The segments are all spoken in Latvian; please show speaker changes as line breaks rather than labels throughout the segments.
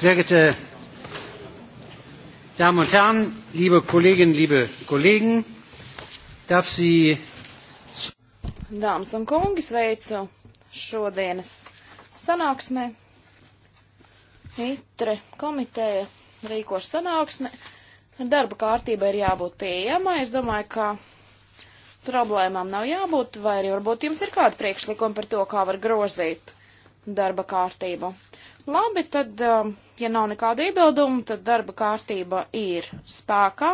Sehr geehrte Damen und Herren, liebe Kolleginnen, liebe Kollegen, darf Sie.
Dāmas un kungi, sveicu šodienas sanāksmē. Mitre komiteja rīkoš sanāksmē. Darba kārtība ir jābūt pieejama. Es domāju, ka problēmām nav jābūt, vai arī varbūt jums ir kāda priekšlikuma par to, kā var grozīt darba kārtību. Labi, tad, um, ja nav nekādu iebildumu, tad darba kārtība ir spēkā.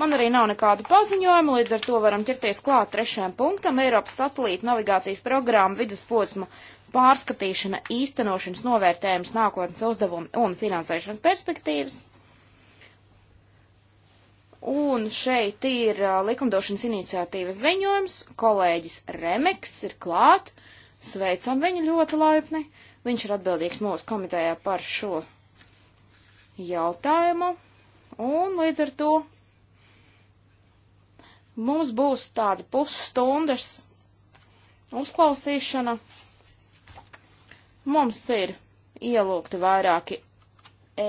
Man arī nav nekādu paziņojumu, līdz ar to varam ķerties klāt trešajam punktam - Eiropas satelīta navigācijas programma vidusposma pārskatīšana, īstenošanas novērtējums, nākotnes uzdevumi un finansēšanas perspektīvas. Un šeit ir uh, likumdošanas iniciatīvas ziņojums. Kolēģis Remeks ir klāt. Sveicam viņu ļoti laipni. Viņš ir atbildīgs mūsu komitējā par šo jautājumu, un līdz ar to mums būs tāda pusstundas uzklausīšana. Mums ir ielūgti vairāki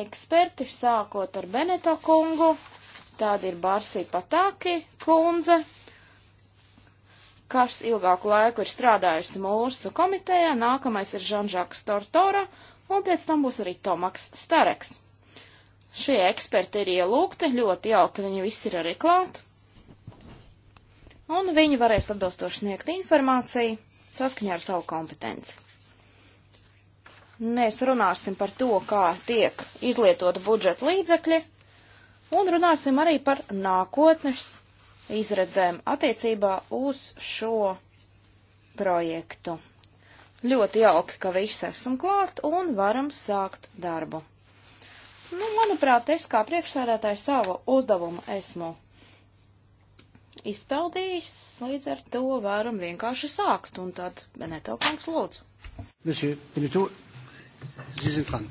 eksperti, sākot ar Beneto kungu, tāda ir Barsī Patāki kundze, kas ilgāku laiku ir strādājusi mūsu komitejā, nākamais ir Žanžāks Tortora, un pēc tam būs arī Tomaks Stareks. Šie eksperti ir ielūgti, ļoti jauki, viņi visi ir arī klāt, un viņi varēs atbilstoši sniegt informāciju saskaņā ar savu kompetenci. Mēs runāsim par to, kā tiek izlietota budžeta līdzekļi, un runāsim arī par nākotnes izredzēm attiecībā uz šo projektu. Ļoti jauki, ka visi esam klāt un varam sākt darbu. Nu, manuprāt, es kā priekšsēdētājs savu uzdevumu esmu izpildījis, līdz ar to varam vienkārši sākt, un tad Beneto kungs lūdzu. Monsieur Beneto, Sie sind dran.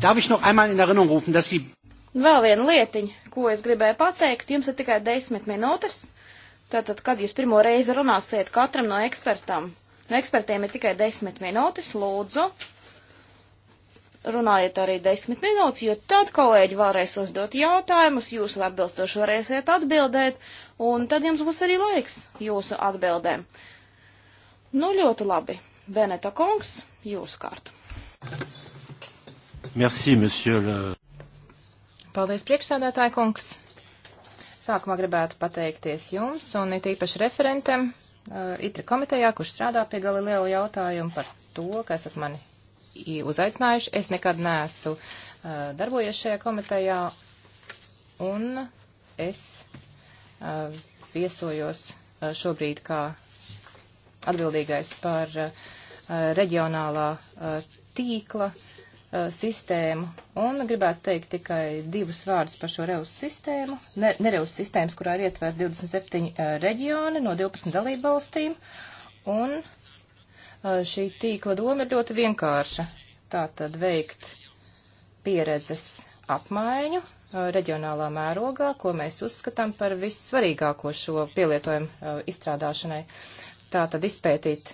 Darf ich noch einmal in Erinnerung rufen, dass Sie Vēl viena lietiņa, ko es gribēju pateikt, jums ir tikai desmit minūtes. Tātad, kad jūs pirmo reizi runāsiet katram no ekspertam, no ekspertiem ir tikai desmit minūtes, lūdzu, runājiet arī desmit minūtes, jo tad kolēģi vēlreiz uzdot jautājumus, jūs atbilstoši varēsiet atbildēt, un tad jums būs arī laiks jūsu atbildēm. Nu, ļoti labi. Beneta kungs, jūsu kārt.
Merci, monsieur le...
Paldies, priekšsādātāja kungs. Sākumā gribētu pateikties jums un it īpaši referentam uh, ITRA komitejā, kurš strādā pie Galileo jautājumu par to, ka esat mani uzaicinājuši. Es nekad neesmu uh, darbojies šajā komitejā un es uh, viesojos uh, šobrīd kā atbildīgais par uh, reģionālā uh, tīkla uh, uh, sistēmu. Un gribētu teikt tikai divus vārdus par šo reus sistēmu. Ne, nereus sistēmas, kurā ir ietvērt 27 uh, reģioni no 12 dalību valstīm. Un uh, šī tīkla doma ir ļoti vienkārša. Tātad veikt pieredzes apmaiņu uh, reģionālā mērogā, ko mēs uzskatām par vissvarīgāko šo pielietojumu uh, izstrādāšanai. Tātad izpētīt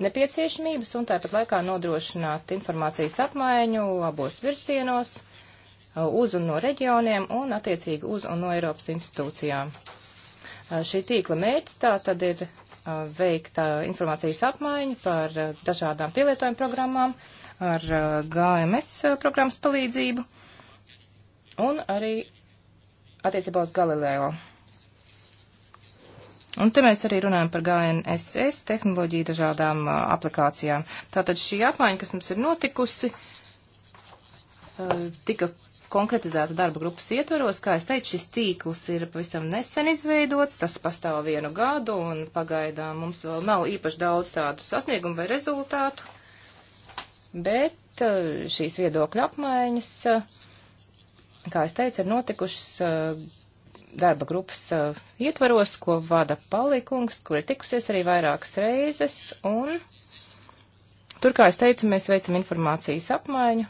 nepieciešamības un tāpat laikā nodrošināt informācijas apmaiņu abos virsienos, uh, uz un no reģioniem un attiecīgi uz un no Eiropas institūcijām. Uh, šī tīkla mērķis tā tad ir uh, veikt informācijas apmaiņu par dažādām pielietojuma programmām ar GMS programmas palīdzību un arī attiecībā uz Galileo Un te mēs arī runājam par GNSS tehnoloģiju dažādām uh, aplikācijām. Tātad šī apmaiņa, kas mums ir notikusi, uh, tika konkretizēta darba grupas ietvaros. Kā es teicu, šis tīkls ir pavisam nesen izveidots, tas pastāv vienu gadu, un pagaidām mums vēl nav īpaši daudz tādu sasniegumu vai rezultātu. Bet uh, šīs viedokļa apmaiņas, uh, kā es teicu, ir notikušas uh, darba grupas uh, ietvaros, ko vada Palikungs, kur ir tikusies arī vairākas reizes, un tur, kā es teicu, mēs veicam informācijas apmaiņu,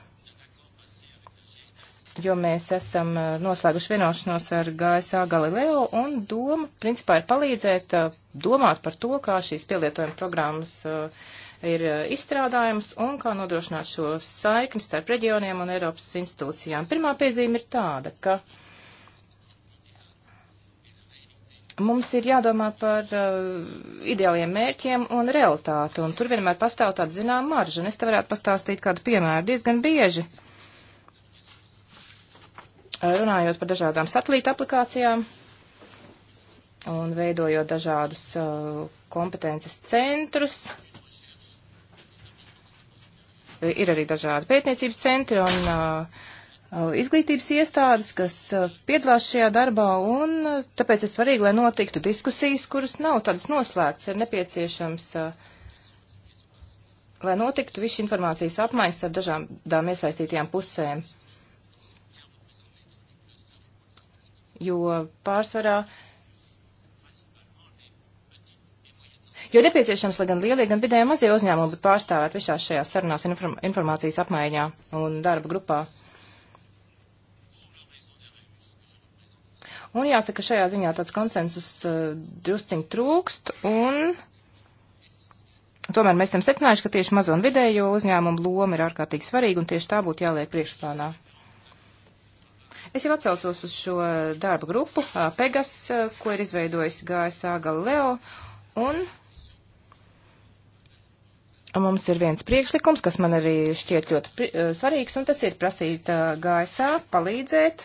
jo mēs esam uh, noslēguši vienošanos ar GSA Galileo, un doma, principā, ir palīdzēt uh, domāt par to, kā šīs pielietojuma programmas uh, ir uh, izstrādājums un kā nodrošināt šo saikni starp reģioniem un Eiropas institūcijām. Pirmā piezīme ir tāda, ka uh, Mums ir jādomā par uh, ideāliem mērķiem un realitāti, un tur vienmēr pastāv tāda zināma marža, un es te varētu pastāstīt kādu piemēru diezgan bieži. Uh, runājot par dažādām satelīta aplikācijām un veidojot dažādus uh, kompetences centrus, ir arī dažādi pētniecības centri, un uh, Uh, izglītības iestādes, kas uh, piedalās šajā darbā, un uh, tāpēc ir svarīgi, lai notiktu diskusijas, kuras nav tādas noslēgtas, ir nepieciešams, lai notiktu viss informācijas apmaiņas ar dažādām iesaistītajām pusēm. Jo pārsvarā. Jo nepieciešams, lai gan lielie, gan vidēji mazie uzņēmumi būtu pārstāvēti visās šajās sarunās inform informācijas apmaiņā un darba grupā. Un jāsaka, šajā ziņā tāds konsensus uh, drusciņ trūkst, un tomēr mēs esam secinājuši, ka tieši mazo un vidējo uzņēmumu loma ir ārkārtīgi svarīga, un tieši tā būtu jāliek priekšplānā. Es jau atcaucos uz šo darba grupu, uh, Pegas, uh, ko ir izveidojis GSA Galileo, un Mums ir viens priekšlikums, kas man arī šķiet ļoti pri, uh, svarīgs, un tas ir prasīt uh, GSA palīdzēt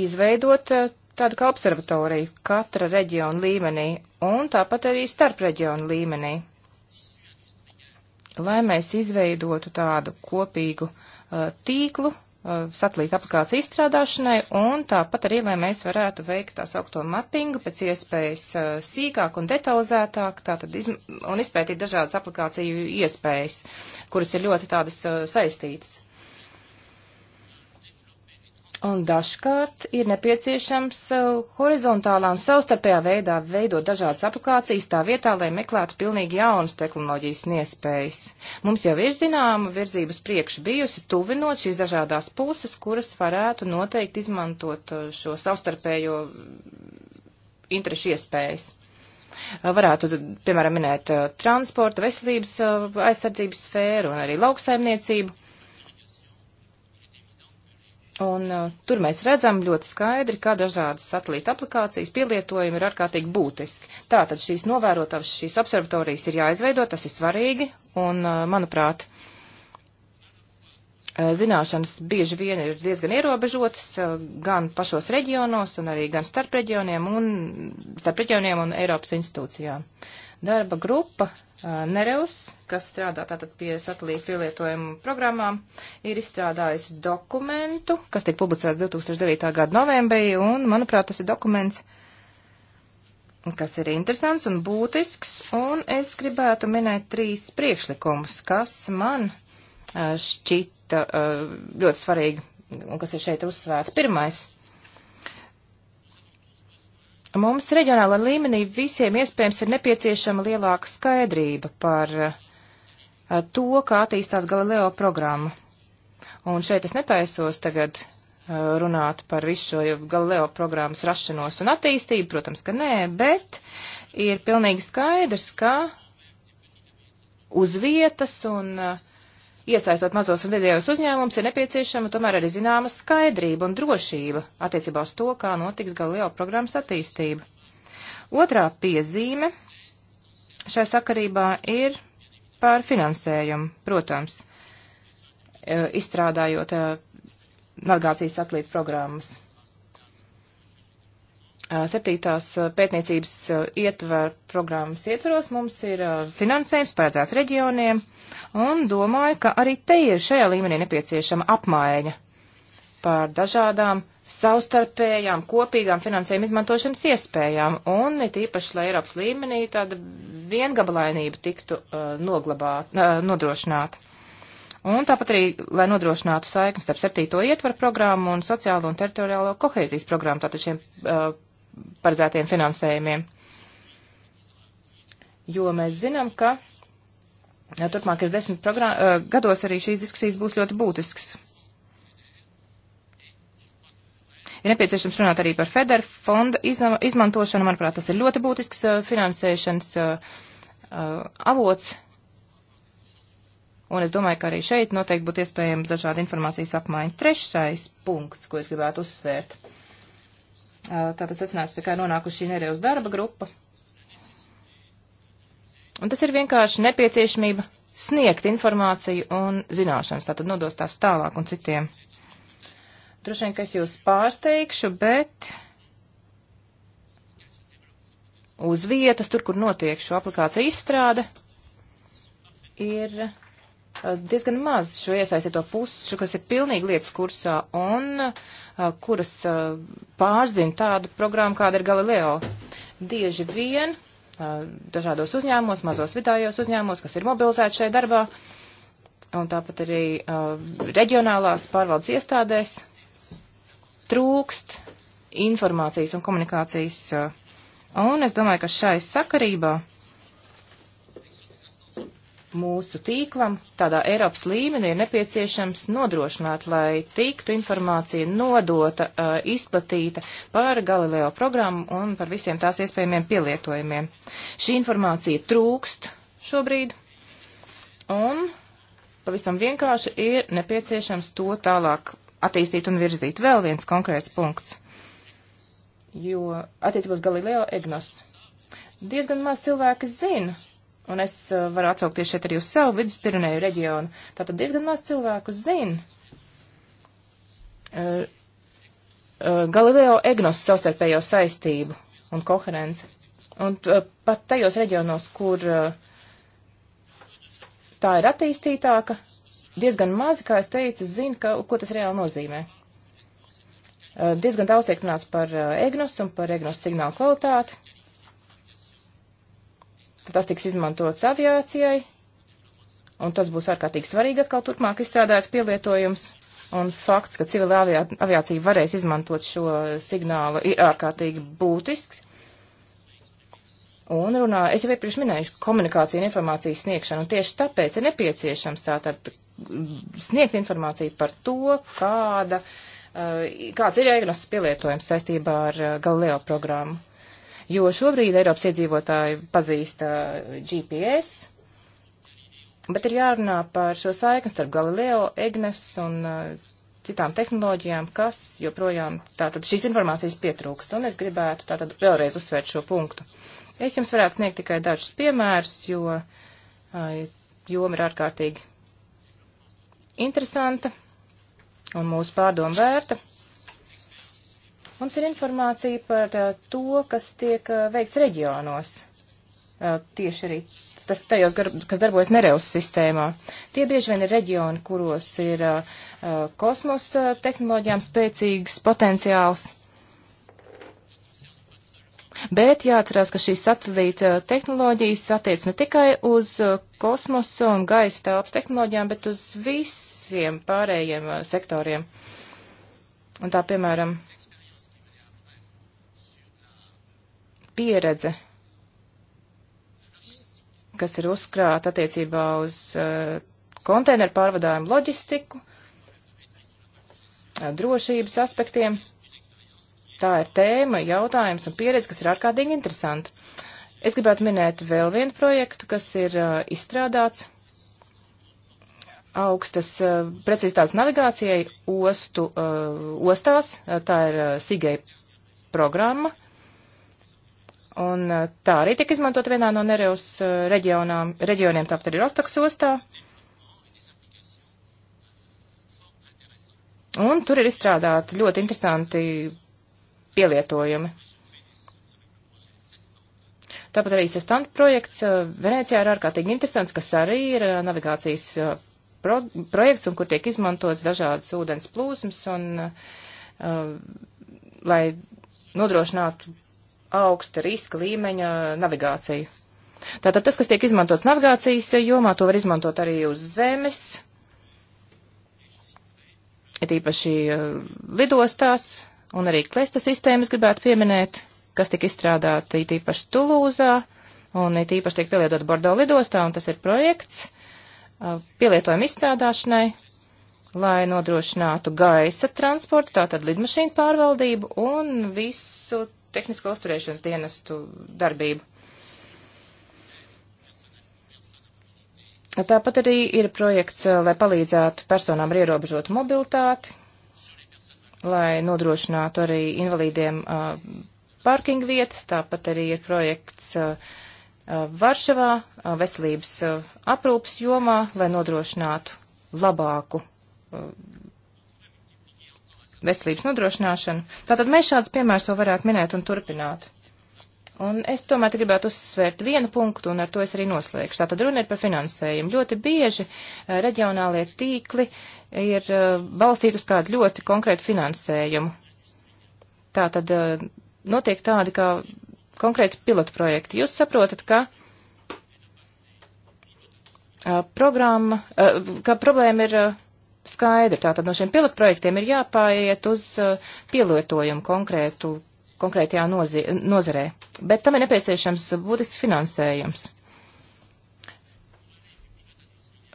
izveidot eh, tādu kā observatoriju katra reģiona līmenī un tāpat arī starp reģionu līmenī, lai mēs izveidotu tādu kopīgu uh, tīklu uh, satelīta aplikāciju izstrādāšanai un tāpat arī, lai mēs varētu veikt tā saukto mappingu pēc iespējas uh, sīkāk un detalizētāk tātad un izpētīt dažādas aplikāciju iespējas, kuras ir ļoti tādas saistītas. Un dažkārt ir nepieciešams uh, horizontālā un savstarpējā veidā veidot dažādas aplikācijas tā vietā, lai meklētu pilnīgi jaunas tehnoloģijas un iespējas. Mums jau ir zināma virzības priekšu bijusi tuvinot šīs dažādās puses, kuras varētu noteikti izmantot uh, šo savstarpējo mm, interešu iespējas uh, varētu, piemēram, minēt transporta, veselības aizsardzības sfēru un arī lauksaimniecību. Un uh, tur mēs redzam ļoti skaidri, kā dažādas satelīta aplikācijas pielietojumi ir ārkārtīgi būtiski. Tātad šīs novērotavas, šīs observatorijas ir jāizveido, tas ir svarīgi, un, uh, manuprāt, uh, zināšanas bieži vien ir diezgan ierobežotas, uh, gan pašos reģionos, un arī gan starp reģioniem un, starp reģioniem un Eiropas institūcijām. Darba grupa uh, Uh, Nereus, kas strādā tātad pie satelīta pielietojumu programmām, ir izstrādājis dokumentu, kas tiek publicēts 2009. gada novembrī, un, manuprāt, tas ir dokuments, kas ir interesants un būtisks, un es gribētu minēt trīs priekšlikumus, kas man uh, šķita uh, ļoti svarīgi, un kas ir šeit uzsvērts. Pirmais Mums reģionāla līmenī visiem iespējams ir nepieciešama lielāka skaidrība par eh, to, kā attīstās Galileo programma. Un šeit es netaisos tagad eh, runāt par visu šo Galileo programmas rašanos un attīstību, protams, ka nē, bet ir pilnīgi skaidrs, ka uz vietas un uh, iesaistot mazos un vidējos uzņēmumus, ir nepieciešama tomēr arī zināma skaidrība un drošība attiecībā uz to, kā notiks Galileo programmas attīstība. Otrā piezīme šai sakarībā ir par finansējumu, protams, e, izstrādājot e, navigācijas satelīta programmas septītās pētniecības ietver programmas ietveros mums ir finansējums paredzēts reģioniem, un domāju, ka arī te ir šajā līmenī nepieciešama apmaiņa pār dažādām savstarpējām, kopīgām finansējuma izmantošanas iespējām, un it īpaši, lai Eiropas līmenī tāda viengabalainība tiktu uh, noglabāt, uh, nodrošināta. Un tāpat arī, lai nodrošinātu saiknes starp septīto ietvaru programmu un sociālo un teritoriālo kohēzijas programmu, tātad šiem uh, paredzētiem finansējumiem. Jo mēs zinām, ka turpmākajos desmit eh, gados arī šīs diskusijas būs ļoti būtisks. Ir nepieciešams runāt arī par Federa fonda izmantošanu. Manuprāt, tas ir ļoti būtisks eh, finansēšanas eh, avots. Un es domāju, ka arī šeit noteikti būtu iespējams dažāda informācijas apmaiņa. Trešais punkts, ko es gribētu uzsvērt. Uh, tātad secinājums tikai nonākuši šī nedēļas darba grupa. Un tas ir vienkārši nepieciešamība sniegt informāciju un zināšanas, tātad nodos tās tālāk un citiem. Droši vien, ka es jūs pārsteigšu, bet uz vietas, tur, kur notiek šo aplikāciju izstrāde, ir Eh, diezgan maz šo iesaistīto pušu, kas ir pilnīgi lietas kursā un eh, kuras eh, pārzina tādu programmu, kāda ir Galileo. Dieži vien dažādos uzņēmumos, mazos vidējos uzņēmumos, kas ir mobilizēti šajā darbā, un tāpat arī reģionālās pārvaldes iestādēs trūkst informācijas un komunikācijas. Un es domāju, ka šai sakarībā mūsu tīklam tādā Eiropas līmenī ir nepieciešams nodrošināt, lai tiktu informācija nodota, uh, izplatīta par Galileo programmu un par visiem tās iespējamiem pielietojumiem. Šī informācija trūkst šobrīd un pavisam vienkārši ir nepieciešams to tālāk attīstīt un virzīt. Vēl viens konkrēts punkts, jo attiecībā uz Galileo Egnos. Diezgan maz cilvēki zina, Un es uh, varu atsaukties šeit arī uz savu viduspirnēju reģionu. Tātad diezgan maz cilvēku zina. Uh, uh, Galileo Egnos savstarpējo saistību un koherenci. Un uh, pat tajos reģionos, kur uh, tā ir attīstītāka, diezgan mazi, kā es teicu, zina, ka, ko tas reāli nozīmē. Uh, diezgan daudz tiek runāts par Egnos un par Egnos signālu kvalitāti tas tiks izmantots aviācijai, un tas būs ārkārtīgi svarīgi atkal turpmāk izstrādāt pielietojums. Un fakts, ka civila aviā, aviācija varēs izmantot šo signālu, ir ārkārtīgi būtisks. Un runā, es jau iepriekš minēju, komunikācija un informācijas sniegšana, un tieši tāpēc ir nepieciešams tātad sniegt informāciju par to, kāda, eh, kāds ir EGNOS pielietojums saistībā ar eh, Galileo programmu jo šobrīd Eiropas iedzīvotāji pazīsta uh, GPS, bet ir jārunā par šo saikni starp Galileo, Egnes un uh, citām tehnoloģijām, kas joprojām tātad šīs informācijas pietrūkst, un es gribētu tātad vēlreiz uzsvērt šo punktu. Es jums varētu sniegt tikai dažus piemērus, jo uh, joma ir ārkārtīgi interesanta un mūsu pārdomu vērta. Mums ir informācija par uh, to, kas tiek uh, veikts reģionos. Uh, tieši arī tas tajos, kas darbojas Nereus sistēmā. Tie bieži vien ir reģioni, kuros ir kosmosa tehnoloģijām spēcīgs potenciāls. Bet jāatcerās, ka šīs satelīta tehnoloģijas attiec ne tikai uz kosmosu un gaisa telpas tehnoloģijām, bet uz visiem pārējiem sektoriem. Un tā, piemēram, pieredze, kas ir uzkrāta attiecībā uz uh, konteineru pārvadājumu loģistiku, uh, drošības aspektiem. Tā ir tēma, jautājums un pieredze, kas ir ārkārtīgi interesanti. Es gribētu minēt vēl vienu projektu, kas ir uh, izstrādāts augstas uh, precizitātes navigācijai ostu, uh, ostās. Uh, tā ir SIGEI programma. Un uh, tā arī tika izmantot vienā no Nereus uh, reģionām, reģioniem, tāpat arī Rostoks ostā. Un tur ir izstrādāti ļoti interesanti pielietojumi. Tāpat arī sestanta projekts uh, Venecijā ir ārkārtīgi interesants, kas arī ir navigācijas pro projekts un kur tiek izmantots dažādas ūdens plūsmas un, uh, lai nodrošinātu augsta riska līmeņa navigāciju. Tātad tas, kas tiek izmantots navigācijas jomā, to var izmantot arī uz zemes, it īpaši uh, lidostās, un arī klesta sistēmas gribētu pieminēt, kas tika izstrādāta it īpaši Tulūzā, un it īpaši tiek pielietot Bordo lidostā, un tas ir projekts uh, pielietojumu izstrādāšanai, lai nodrošinātu gaisa transportu, tātad lidmašīnu pārvaldību un visu tehnisko uzturēšanas dienestu darbību. Tāpat arī ir projekts, eh, lai palīdzētu personām ar ierobežotu mobilitāti, lai nodrošinātu arī invalīdiem uh, eh, parkinga vietas, tāpat arī ir projekts uh, Varšavā veselības aprūpas jomā, lai nodrošinātu labāku veselības nodrošināšanu. Tātad mēs šāds piemērs vēl varētu minēt un turpināt. Un es tomēr gribētu uzsvērt vienu punktu, un ar to es arī noslēgšu. Tātad runa ir par finansējumu. Ļoti bieži eh, reģionālie tīkli ir eh, balstīti uz kādu ļoti konkrētu finansējumu. Tātad eh, notiek tādi kā konkrēti pilotprojekti. Jūs saprotat, ka programma, ka problēma ir skaidri. Tātad no šiem pilotprojektiem ir jāpāiet uz uh, pielietojumu konkrētu, konkrētajā nozi, nozarē. Bet tam ir nepieciešams būtisks finansējums.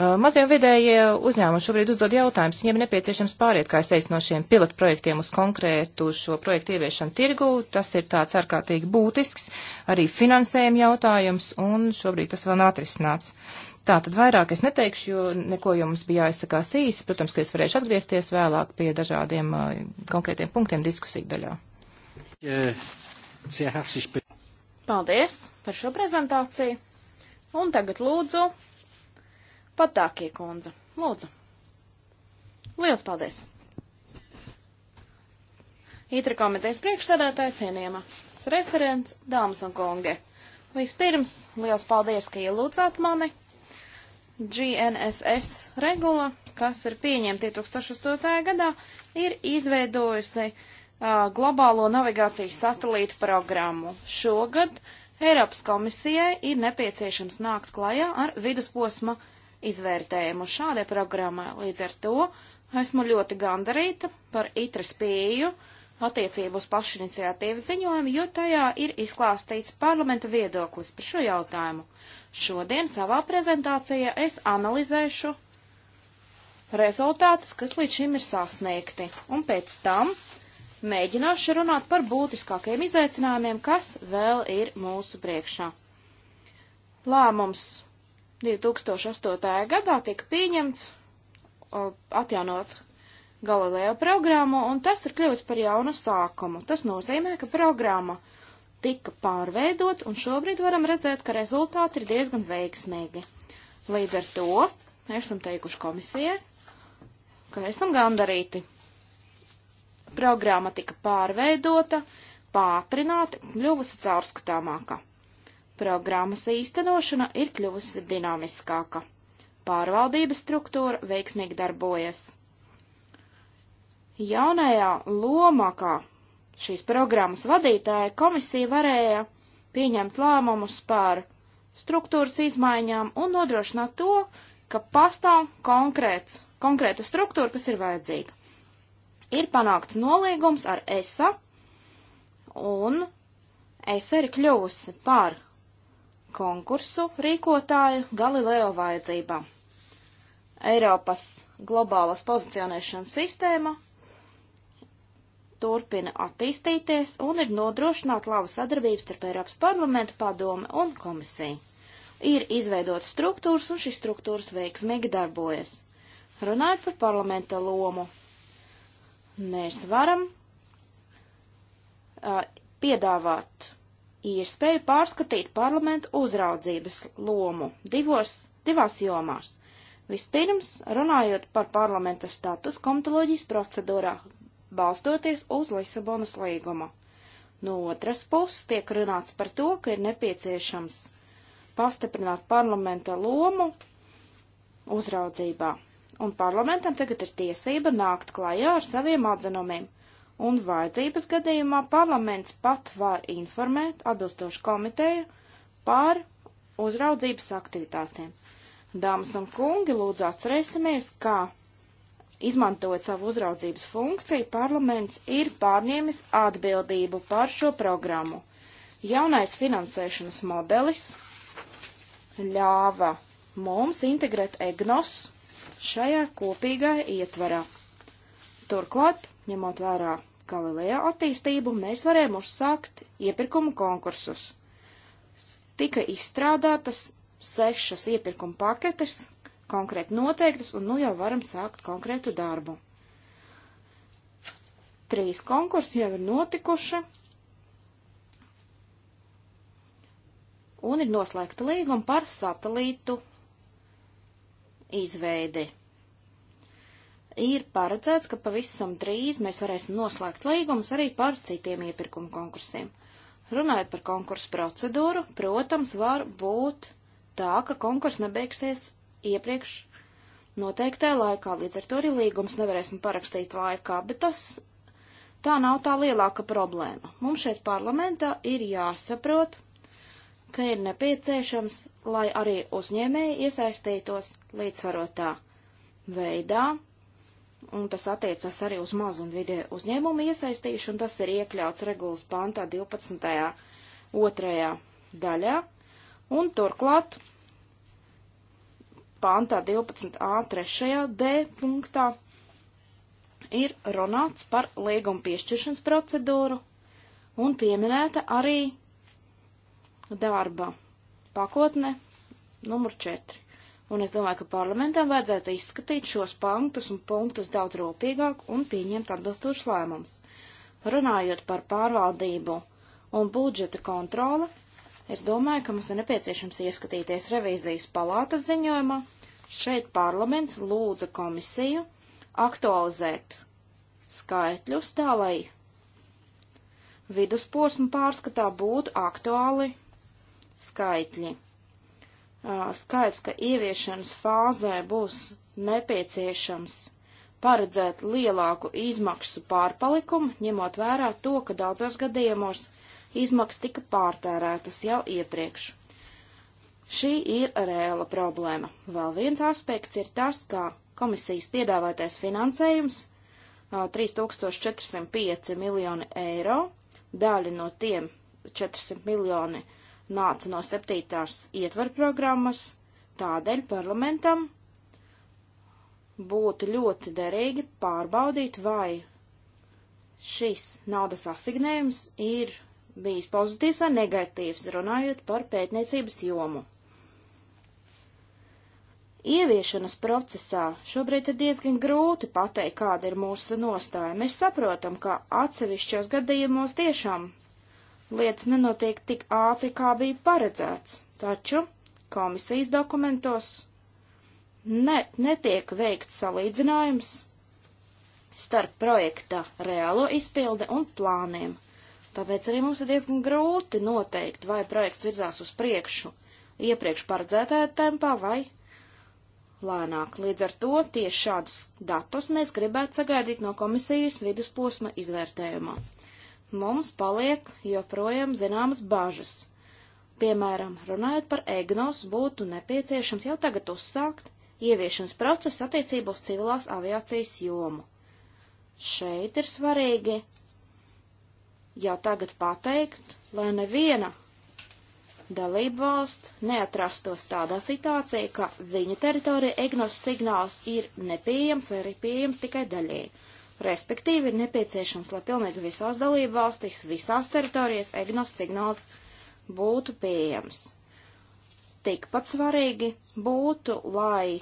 Uh, Mazie un vidējie uzņēmumi šobrīd uzdod jautājumus. Viņiem ir nepieciešams pāriet, kā es teicu, no šiem pilotprojektiem uz konkrētu šo projektu ieviešanu tirgu. Tas ir tāds ārkārtīgi būtisks arī finansējuma jautājums, un šobrīd tas vēl nav atrisināts. Uh, Tā tad vairāk es neteikšu, jo neko jums bija jāizsakās īsi. Protams, ka es varēšu atgriezties vēlāk pie dažādiem uh, konkrētiem punktiem diskusiju daļā. Paldies
par šo prezentāciju. Un tagad lūdzu patākie kundze. Lūdzu. Liels paldies. Itra komitejas priekšsēdētāja cienījamās referents, dāmas un kungi. Vispirms, liels paldies, ka ielūdzāt mani GNSS regula, kas ir pieņemta 2008. gadā, ir izveidojusi uh, globālo navigācijas satelītu programmu. Šogad Eiropas komisijai ir nepieciešams nākt klajā ar vidusposma izvērtējumu šādai programmai. Līdz ar to esmu ļoti gandarīta par ITRAS pieju uh, attiecību uz pašiniciatīvas ziņojumu, jo tajā ir izklāstīts parlamenta viedoklis par šo jautājumu. Šodien savā prezentācijā es analizēšu rezultātus, kas līdz šim ir sasniegti, un pēc tam mēģināšu runāt par būtiskākajiem izaicinājumiem, kas vēl ir mūsu priekšā. Lēmums 2008. gadā tika pieņemts atjaunot Galileo programmu, un tas ir kļuvis par jaunu sākumu. Tas nozīmē, ka programma tika pārveidot, un šobrīd varam redzēt, ka rezultāti ir diezgan veiksmīgi. Līdz ar to esam teikuši komisijai, ka esam gandarīti. Programma tika pārveidota, pātrināta un kļuvusi caurskatāmāka. Programmas īstenošana ir kļuvusi dinamiskāka. Pārvaldības struktūra veiksmīgi darbojas jaunajā lomā, kā šīs programmas vadītāja, komisija varēja pieņemt lēmumus par struktūras izmaiņām un nodrošināt to, ka pastāv konkrēts, konkrēta struktūra, kas ir vajadzīga. Ir panākts nolīgums ar ESA, un ESA ir kļuvusi par konkursu rīkotāju Galileo vajadzībām. Eiropas globālas pozicionēšanas sistēma turpina attīstīties un ir nodrošināta laba sadarbības starp Eiropas parlamentu padome un komisiju. Ir izveidotas struktūras un šīs struktūras veiksmīgi darbojas. Runājot par parlamenta lomu, mēs varam uh, piedāvāt iespēju pārskatīt parlamentu uzraudzības lomu divos, divās jomās. Vispirms, runājot par parlamenta status komitoloģijas procedūrā, balstoties uz Lisabonas līgumu. No otras puses tiek runāts par to, ka ir nepieciešams pastiprināt parlamenta lomu uzraudzībā, un parlamentam tagad ir tiesība nākt klajā ar saviem atzinumiem, un vajadzības gadījumā parlaments pat var informēt atbilstošu komiteju par uzraudzības aktivitātēm. Dāmas un kungi, lūdzu atcerēsimies, ka izmantojot savu uzraudzības funkciju, parlaments ir pārņēmis atbildību par šo programmu. Jaunais finansēšanas modelis ļāva mums integrēt EGNOS šajā kopīgā ietvarā. Turklāt, ņemot vērā Galileo attīstību, mēs varējām uzsākt iepirkumu konkursus. Tika izstrādātas sešas iepirkuma paketes, konkrēti noteiktas, un nu jau varam sākt konkrētu darbu. Trīs konkursi jau ir notikuši, un ir noslēgta līguma par satelītu izveidi. Ir paredzēts, ka pavisam drīz mēs varēsim noslēgt līgumus arī par citiem iepirkuma konkursiem. Runājot par konkursu procedūru, protams, var būt tā, ka konkurss nebeigsies iepriekš noteiktajā laikā, līdz ar to arī līgums nevarēsim parakstīt laikā, bet tas tā nav tā lielāka problēma. Mums šeit parlamentā ir jāsaprot, ka ir nepieciešams, lai arī uzņēmēji iesaistītos līdzsvarotā veidā, un tas attiecas arī uz mazu un vidē uzņēmumu iesaistīšanu, tas ir iekļauts regulas pāntā 12. otrajā daļā, un turklāt pāntā 12a 3d punktā ir runāts par līguma piešķiršanas procedūru un pieminēta arī darba pakotne numur 4. Un es domāju, ka parlamentam vajadzētu izskatīt šos punktus un punktus daudz rūpīgāk un pieņemt atbilstošus lēmumus. Runājot par pārvaldību un budžeta kontroli, Es domāju, ka mums ir nepieciešams ieskatīties revīzijas palātas ziņojumā. Šeit parlaments lūdza komisiju aktualizēt skaitļus tā, lai vidusposmu pārskatā būtu aktuāli skaitļi. Skaidrs, ka ieviešanas fāzē būs nepieciešams paredzēt lielāku izmaksu pārpalikumu, ņemot vērā to, ka daudzos gadījumos izmaksas tika pārtērētas jau iepriekš. Šī ir reāla problēma. Vēl viens aspekts ir tas, ka komisijas piedāvātais finansējums 3405 miljoni eiro, daļa no tiem 400 miljoni nāca no septītās ietvaru programmas, tādēļ parlamentam būtu ļoti derīgi pārbaudīt, vai šis naudas asignējums ir bijis pozitīvs vai negatīvs, runājot par pētniecības jomu. Ieviešanas procesā šobrīd ir diezgan grūti pateikt, kāda ir mūsu nostāja. Mēs saprotam, ka atsevišķos gadījumos tiešām lietas nenotiek tik ātri, kā bija paredzēts, taču komisijas dokumentos ne, netiek veikts salīdzinājums starp projekta reālo izpildi un plāniem. Tāpēc arī mums ir diezgan grūti noteikt, vai projekts virzās uz priekšu iepriekš paredzētajā tempā vai lēnāk. Līdz ar to tieši šādus datus mēs gribētu sagaidīt no komisijas vidusposma izvērtējumā. Mums paliek joprojām zināmas bažas. Piemēram, runājot par EGNOS, būtu nepieciešams jau tagad uzsākt ieviešanas procesu attiecībā uz civilās aviācijas jomu. Šeit ir svarīgi jau tagad pateikt, lai neviena dalība valsts neatrastos tādā situācijā, ka viņa teritorija ignos signāls ir nepieejams vai arī pieejams tikai daļēji. Respektīvi ir nepieciešams, lai pilnīgi visās dalību valstīs, visās teritorijās ignos signāls būtu pieejams. Tikpat svarīgi būtu, lai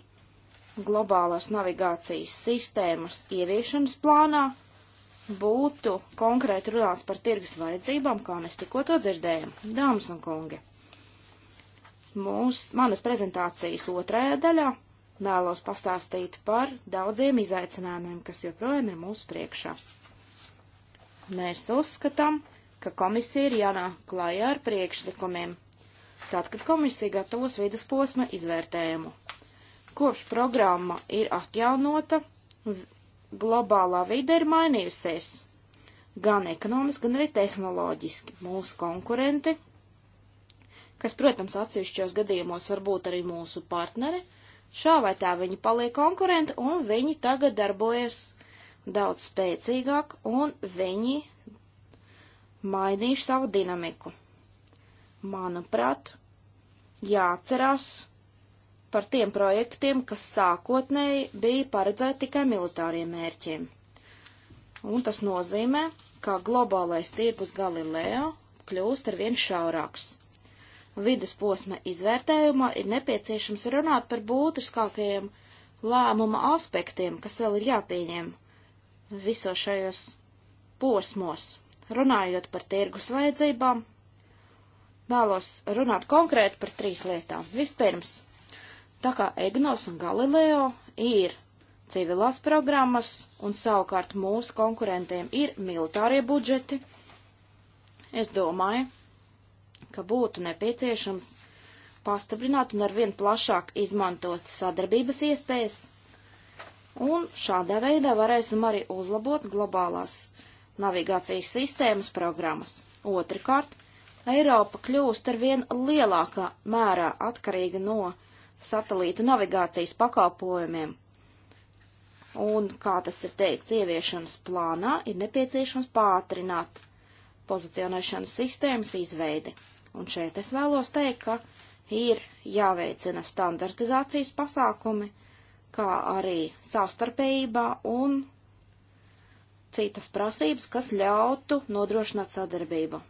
globālās navigācijas sistēmas ieviešanas plānā būtu konkrēti runāts par tirgus vajadzībām, kā mēs tikko to dzirdējam. Dāmas un kungi, mūs, manas prezentācijas otrajā daļā vēlos pastāstīt par daudziem izaicinājumiem, kas joprojām ir mūsu priekšā. Mēs uzskatām, ka komisija ir jānāk klājā ar priekšlikumiem, tad, kad komisija gatavos vidusposma izvērtējumu. Kopš programma ir atjaunota, globālā vide ir mainījusies, gan ekonomiski, gan arī tehnoloģiski. Mūsu konkurenti, kas, protams, atsevišķos gadījumos var būt arī mūsu partneri, šā vai tā viņi paliek konkurenti, un viņi tagad darbojas daudz spēcīgāk, un viņi mainīšu savu dinamiku. Manuprāt, jāatcerās, par tiem projektiem, kas sākotnēji bija paredzēti tikai militāriem mērķiem. Un tas nozīmē, ka globālais tirpus Galileo kļūst ar vien šaurāks. Vides posma izvērtējumā ir nepieciešams runāt par būtiskākajiem lēmuma aspektiem, kas vēl ir jāpieņem visos šajos posmos, runājot par tirgus vajadzībām. Vēlos runāt konkrēti par trīs lietām. Vispirms Tā kā Egnos un Galileo ir civilās programmas un savukārt mūsu konkurentiem ir militārie budžeti, es domāju, ka būtu nepieciešams pastiprināt un arvien plašāk izmantot sadarbības iespējas, un šādā veidā varēsim arī uzlabot globālās navigācijas sistēmas programmas. Otrakārt, Eiropa kļūst arvien lielākā mērā atkarīga no satelīta navigācijas pakalpojumiem. Un, kā tas ir teikts, ieviešanas plānā ir nepieciešams pātrināt pozicionēšanas sistēmas izveidi. Un šeit es vēlos teikt, ka ir jāveicina standartizācijas pasākumi, kā arī savstarpējībā un citas prasības, kas ļautu nodrošināt sadarbību.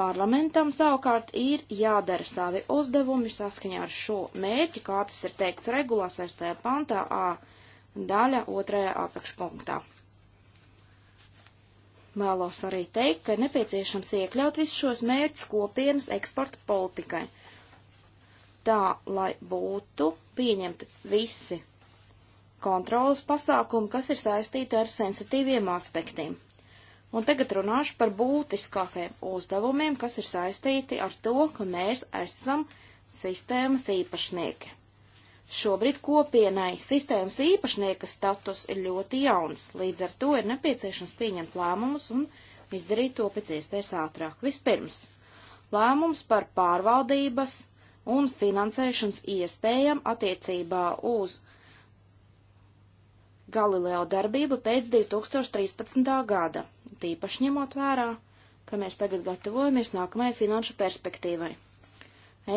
Parlamentam savukārt ir jādara savi uzdevumi saskaņā ar šo mērķi, kā tas ir teikts regulā 6. pantā A daļa 2. apakšpunktā. Vēlos arī teikt, ka nepieciešams iekļaut visus šos mērķus kopienas eksporta politikai, tā lai būtu pieņemti visi kontrolas pasākumi, kas ir saistīti ar sensitīviem aspektiem. Un tagad runāšu par būtiskākajiem uzdevumiem, kas ir saistīti ar to, ka mēs esam sistēmas īpašnieki. Šobrīd kopienai sistēmas īpašnieka status ir ļoti jauns, līdz ar to ir nepieciešams pieņemt lēmumus un izdarīt to pēc iespējas ātrāk. Vispirms, lēmums par pārvaldības un finansēšanas iespējām attiecībā uz Galileo darbību pēc 2013. gada tīpaši ņemot vērā, ka mēs tagad gatavojamies nākamajai finanšu perspektīvai.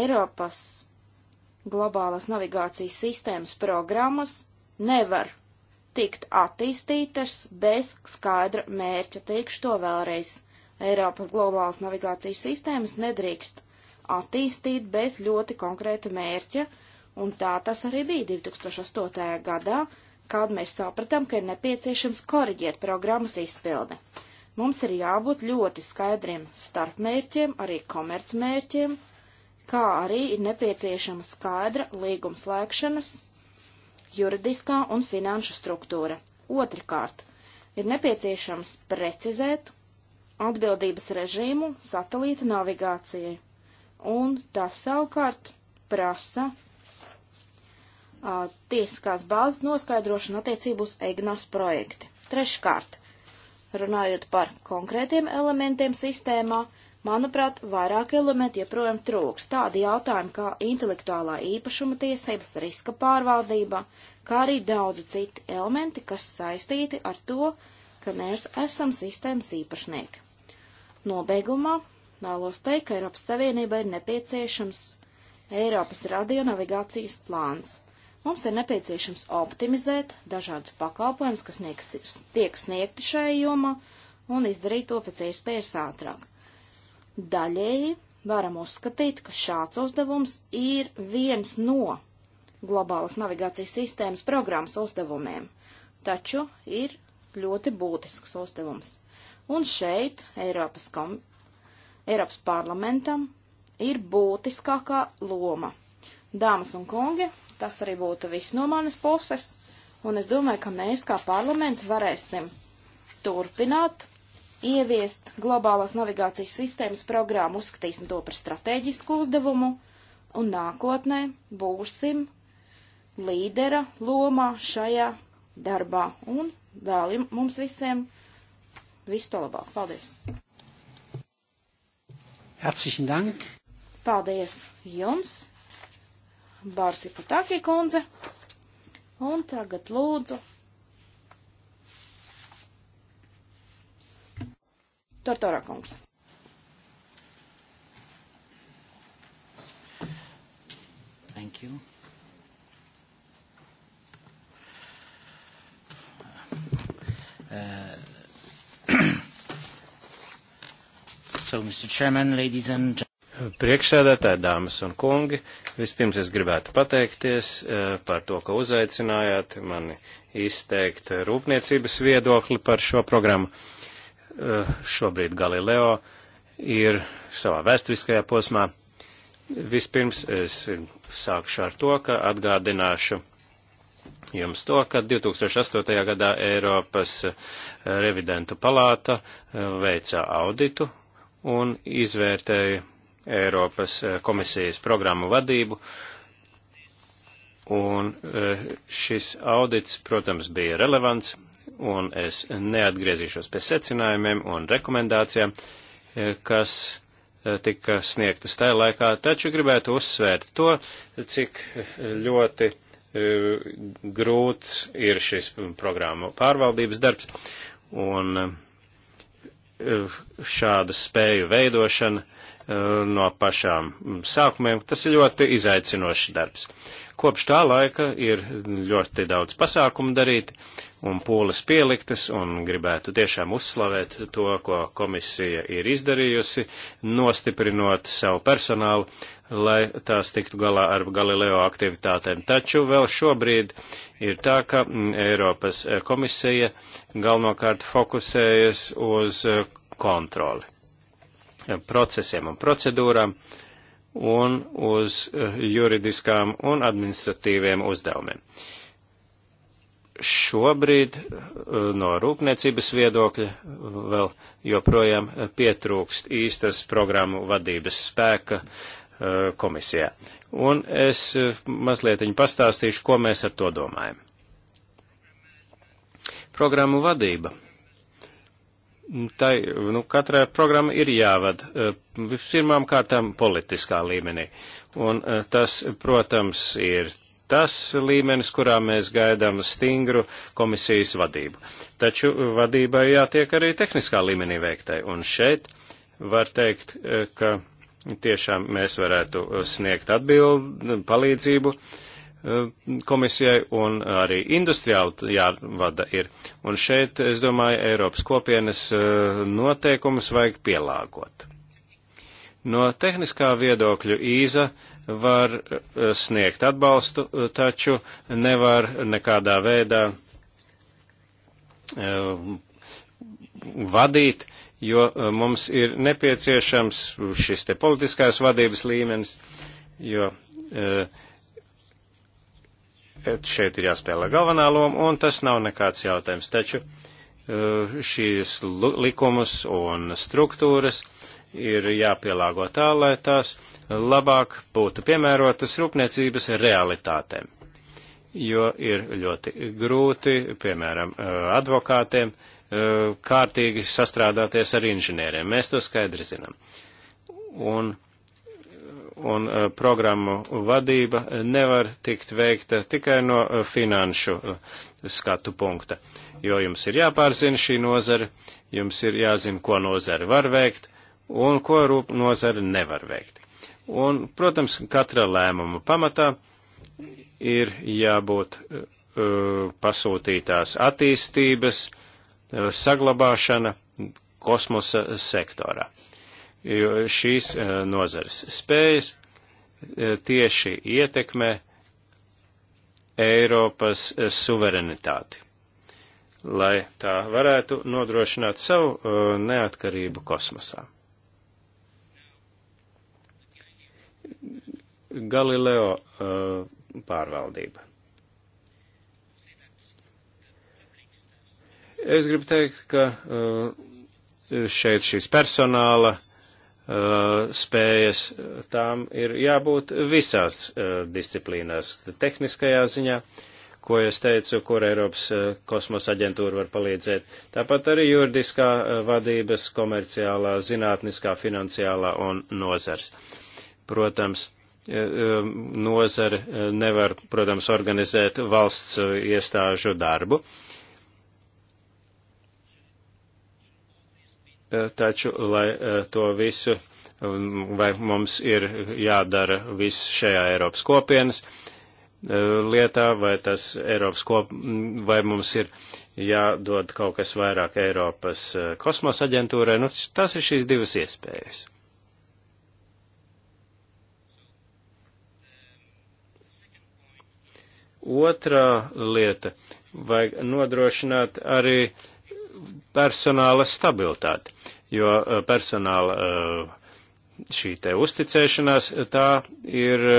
Eiropas globālās navigācijas sistēmas programmas nevar tikt attīstītas bez skaidra mērķa. Teikšu to vēlreiz. Eiropas globālās navigācijas sistēmas nedrīkst attīstīt bez ļoti konkrēta mērķa, un tā tas arī bija 2008. gadā, kad mēs sapratām, ka ir nepieciešams koriģēt programmas izpildi. Mums ir jābūt ļoti skaidriem starpmērķiem, arī komercmērķiem, kā arī ir nepieciešama skaidra līgumslēgšanas, juridiskā un finanšu struktūra. Otrakārt, ir nepieciešams precizēt atbildības režīmu satelīta navigācijai, un tas savukārt prasa uh, tiesiskās bāzes noskaidrošanu attiecību uz EGNOS projekti. Treškārt, runājot par konkrētiem elementiem sistēmā, manuprāt, vairāk elementi joprojām trūks. Tādi jautājumi kā intelektuālā īpašuma tiesības, riska pārvaldība, kā arī daudzi citi elementi, kas saistīti ar to, ka mēs esam sistēmas īpašnieki. Nobeigumā vēlos teikt, ka Eiropas Savienībai ir nepieciešams Eiropas radionavigācijas plāns. Mums ir nepieciešams optimizēt dažādus pakalpojumus, kas nieks, tiek sniegti šajā jomā, un izdarīt to pēc iespējas ātrāk. Daļēji varam uzskatīt, ka šāds uzdevums ir viens no globālas navigācijas sistēmas programmas uzdevumiem, taču ir ļoti būtisks uzdevums. Un šeit Eiropas, kom... Eiropas parlamentam ir būtiskākā loma. Dāmas un kungi, Tas arī būtu viss no manas puses, un es domāju, ka mēs kā parlaments varēsim turpināt ieviest globālās navigācijas sistēmas programmu, uzskatīsim to par strateģisku uzdevumu, un nākotnē būsim līdera lomā šajā darbā. Un vēl mums visiem visu to labāk. Paldies!
Herzlichen Dank!
Paldies jums! Bārsi Patākie kundze. Un tagad lūdzu. Tortorā kungs. Thank you.
Uh,
so, Mr. Chairman, ladies and Priekšsēdētāji, dāmas un kungi, vispirms es gribētu pateikties eh, par to, ka uzaicinājāt mani izteikt rūpniecības viedokli par šo programmu. Eh, šobrīd Galileo ir savā vēsturiskajā posmā. Vispirms es sākšu ar to, ka atgādināšu jums to, ka 2008. gadā Eiropas eh, revidentu palāta veica auditu un izvērtēja Eiropas eh, komisijas programmu vadību. Un eh, šis audits, protams, bija relevants, un es neatgriezīšos pie secinājumiem un rekomendācijām, eh, kas tika sniegtas tajā laikā, taču gribētu uzsvērt to, cik ļoti grūts ir šis programmu pārvaldības darbs, un šāda spēju veidošana Eh, no pašām sākumiem. Tas ir ļoti izaicinošs darbs. Kopš tā laika ir ļoti daudz pasākumu darīti un pūles pieliktas, un gribētu tiešām uzslavēt to, ko komisija ir izdarījusi, nostiprinot savu personālu, lai tās tiktu galā ar Galileo aktivitātēm. Taču vēl šobrīd ir tā, ka mm, Eiropas eh, komisija galvenokārt fokusējas uz eh, kontroli procesiem un procedūrām un uz eh, juridiskām un administratīviem uzdevumiem. Šobrīd eh, no rūpniecības viedokļa eh, vēl joprojām pietrūkst īstas programmu vadības spēka komisijā. Un es mazliet viņu pastāstīšu, ko mēs ar to domājam. Programmu vadība tai, nu, katrai programma ir jāvad eh, pirmām kārtām politiskā līmenī. Un eh, tas, protams, ir tas līmenis, kurā mēs gaidām stingru komisijas vadību. Taču vadībai jātiek arī tehniskā līmenī veiktai. Un šeit var teikt, eh, ka tiešām mēs varētu sniegt atbildi, palīdzību. Uh, Eh, komisijai un arī industriāli jārvada ir. Un šeit, es domāju, Eiropas kopienas eh, noteikumus vajag pielāgot. No tehniskā viedokļa īza var eh, sniegt atbalstu, taču nevar nekādā veidā vadīt, jo mums ir nepieciešams šis te politiskās vadības līmenis, jo uh, šeit ir jāspēlē galvenā loma, un tas nav nekāds jautājums. Taču eh, šīs likumus un struktūras ir jāpielāgo tā, lai tās labāk būtu piemērotas rūpniecības realitātēm. Jo ir ļoti grūti, piemēram, eh, advokātiem eh, kārtīgi sastrādāties ar inženieriem. Mēs to skaidri zinām. Un uh, un eh, programmu vadība nevar tikt veikta tikai no eh, finanšu eh, skatu punkta, jo jums ir jāpārzina šī nozara, jums ir jāzina, ko nozara var veikt un ko rūp nozara nevar veikt. Un, protams, katra lēmuma pamatā ir jābūt uh, pasūtītās attīstības, uh, saglabāšana kosmosa sektorā. Uh, jo šīs eh, nozares spējas eh, tieši ietekmē Eiropas eh, suverenitāti, lai tā varētu nodrošināt savu neatkarību kosmosā. Galileo pārvaldība. Es gribu teikt, ka šeit šīs personāla uh, Uh, spējas, tām ir jābūt visās uh, disciplīnās, tehniskajā ziņā, ko es teicu, kur Eiropas uh, kosmosa aģentūra var palīdzēt. Tāpat arī juridiskā vadības, komerciālā, zinātniskā, finansiālā un nozars. Protams, um, nozare nevar, protams, organizēt valsts iestāžu darbu. Uh, taču, lai e, to visu, vai mums ir jādara viss šajā Eiropas kopienas e, lietā, vai tas Eiropas kop, vai mums ir jādod kaut kas vairāk Eiropas e, kosmosa aģentūrai, nu tas ir šīs divas iespējas. Otrā lieta, vajag nodrošināt arī uh, personāla stabilitāti, jo eh, personāla eh, šī te uzticēšanās eh, tā ir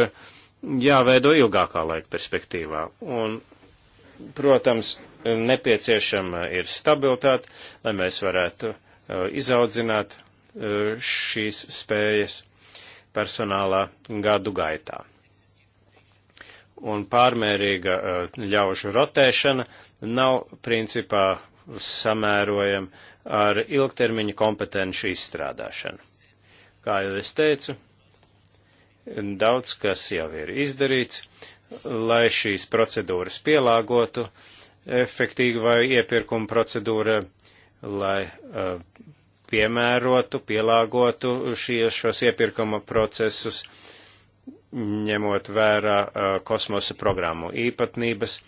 jāveido ilgākā laika perspektīvā. Un, protams, nepieciešama ir stabilitāte, lai mēs varētu izaudzināt šīs spējas personālā gadu gaitā. Un pārmērīga ļaužu rotēšana nav principā samērojam ar ilgtermiņa kompetenci izstrādāšanu. Kā jau es teicu, daudz kas jau ir izdarīts, lai šīs procedūras pielāgotu efektīvi vai iepirkuma procedūra, lai uh, piemērotu, pielāgotu šies, šos iepirkuma procesus, ņemot vērā uh, kosmosa programmu īpatnības.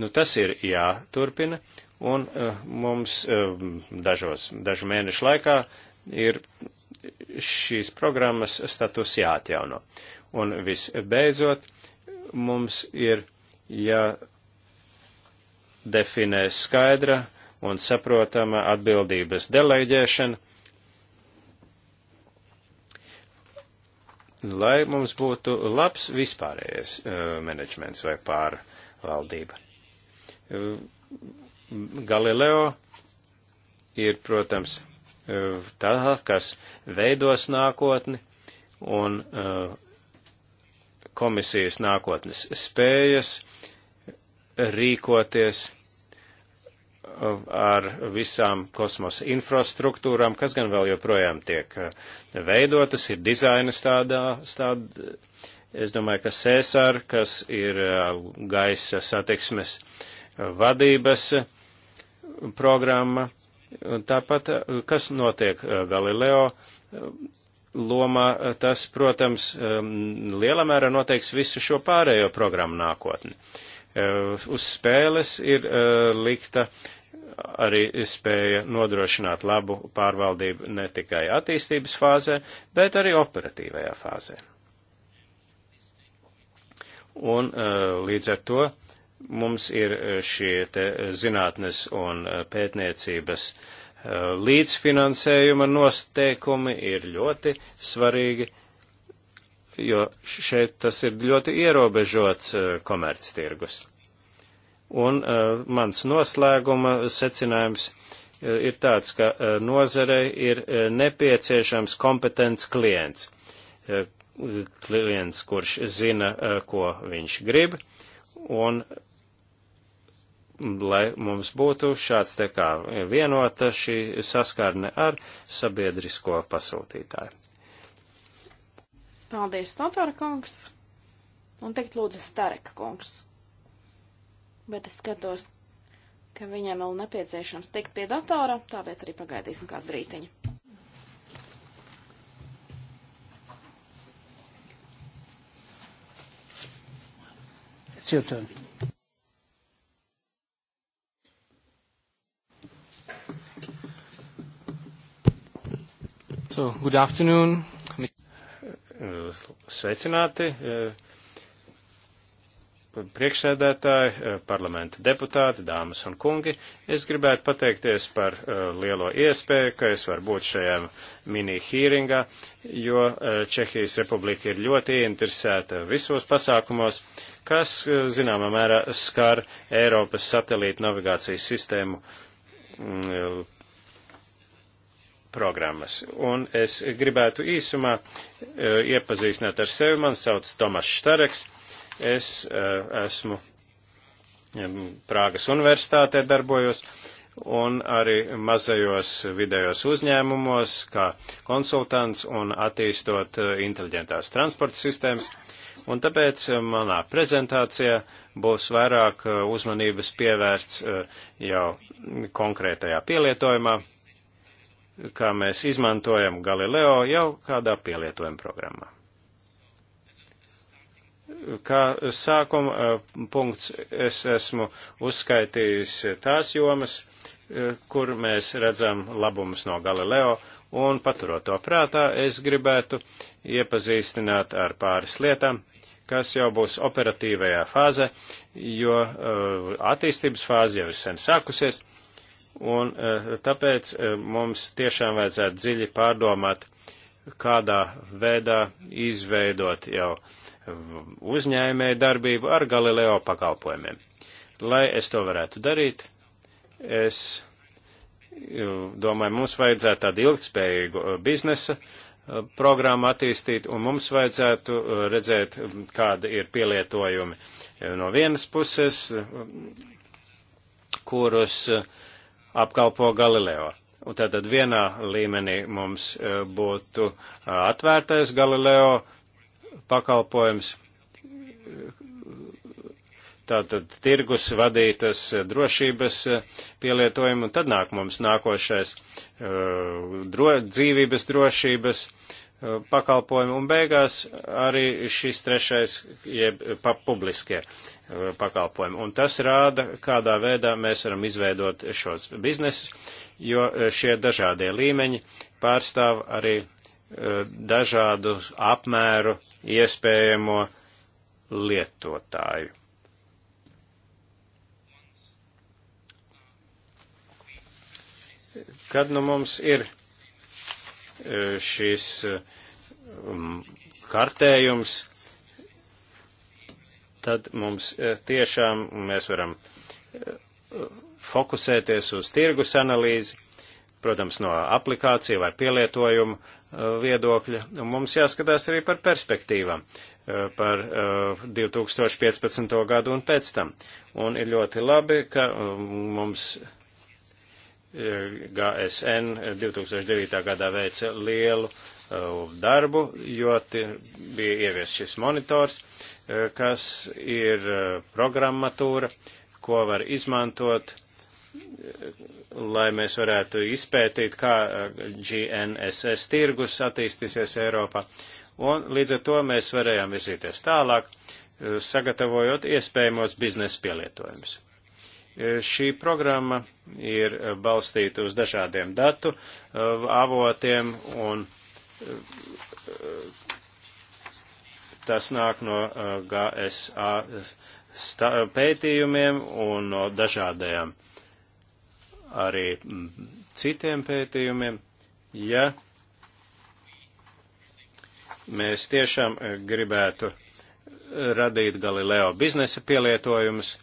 Nu, tas ir jāturpina, un eh, mums eh, dažos, dažu mēnešu laikā ir šīs programmas status jāatjauno. Un visbeidzot, mums ir jādefinē skaidra un saprotama atbildības deleģēšana, lai mums būtu labs vispārējais eh, menedžments vai pārvaldība Galileo ir, protams, e, tā, kas veidos nākotni un e, komisijas nākotnes spējas rīkoties e, ar visām kosmosa infrastruktūrām, kas gan vēl joprojām tiek veidotas, ir dizainas tādā, tādā es domāju, ka Cēsar, kas ir gaisa satiksmes uh, vadības programma. Tāpat, kas notiek Galileo lomā, tas, protams, um, lielā mērā noteiks visu šo pārējo programmu nākotni. Uh, uz spēles ir uh, likta arī spēja nodrošināt labu pārvaldību ne tikai attīstības fāzē, bet arī operatīvajā fāzē. Un uh, līdz ar to Mums ir e, šie te e, zinātnes un e, pētniecības līdzfinansējuma nosteikumi ir ļoti svarīgi, jo šeit tas ir ļoti ierobežots komerctirgus. Un mans noslēguma secinājums ir tāds, ka nozarei ir nepieciešams kompetents klients. Klients, kurš zina, ko viņš grib, un lai mums būtu šāds te kā vienota šī saskarne ar sabiedrisko pasūtītāju.
Paldies, Notora kungs. Un tagad lūdzu Stareka kungs. Bet es skatos, ka viņam vēl nepieciešams tikt pie datora, tāpēc arī pagaidīsim kādu brītiņu.
It's your turn.
So, good afternoon.
Sveicināti eh, priekšsēdētāji, eh, parlamenta deputāti, dāmas un kungi. Es gribētu pateikties par eh, lielo iespēju, ka es varu būt šajā mini-hīringā, jo Čehijas republika ir ļoti interesēta visos pasākumos, kas, zināmā mērā, skar Eiropas satelīta navigācijas sistēmu mm, programmas. Un es gribētu īsumā e, iepazīstināt ar sevi. Man sauc Tomas Štareks. Es e, esmu Prāgas universitātē darbojos un arī mazajos vidējos uzņēmumos kā konsultants un attīstot e, inteliģentās transporta sistēmas. Un tāpēc manā prezentācijā būs vairāk uzmanības pievērts jau konkrētajā pielietojumā, kā mēs izmantojam Galileo jau kādā pielietojuma programmā. Kā sākuma eh, punkts es esmu uzskaitījis tās jomas, eh, kur mēs redzam labumus no Galileo, un paturot to prātā, es gribētu iepazīstināt ar pāris lietām, kas jau būs operatīvajā fāzē, jo eh, attīstības fāze jau ir sen sākusies Un eh, tāpēc eh, mums tiešām vajadzētu dziļi pārdomāt, kādā veidā izveidot jau uzņēmēju darbību ar Galileo pakalpojumiem. Lai es to varētu darīt, es eh, domāju, mums vajadzētu tādu ilgspējīgu biznesa programmu attīstīt, un mums vajadzētu redzēt, kāda ir pielietojumi no vienas puses, kurus uh, apkalpo Galileo. Un tātad vienā līmenī mums e, būtu e, atvērtais Galileo pakalpojums, tātad tirgus vadītas e, drošības pielietojumu, un tad nāk mums nākošais dro, dzīvības drošības uh, Eh, pakalpojumi un beigās arī šis trešais, jeb eh, publiskie eh, pakalpojumi. Un tas rāda, kādā veidā mēs varam izveidot šos biznesus, jo šie dažādie līmeņi pārstāv arī dažādu apmēru iespējamo lietotāju. Kad nu mums ir Eh, šis eh, um, kartējums, tad mums eh, tiešām mēs varam fokusēties uz tirgus analīzi, protams, no aplikāciju vai pielietojumu viedokļa. Un mums jāskatās arī par perspektīvām par 2015. gadu un pēc tam. Un ir ļoti labi, ka mums GSN 2009. gadā veica lielu e, darbu, jo bija ievies šis monitors, e, kas ir e, programmatūra, ko var izmantot, lai mēs varētu izpētīt, kā GNSS tirgus attīstīsies Eiropā. Un līdz ar to mēs varējām virzīties tālāk, sagatavojot iespējamos biznesa pielietojumus. Šī programma ir balstīta uz dažādiem datu uh, avotiem un uh, tas nāk no uh, GSA pētījumiem un no dažādajām arī mm, citiem pētījumiem. Ja mēs tiešām gribētu radīt Galileo biznesa pielietojumus,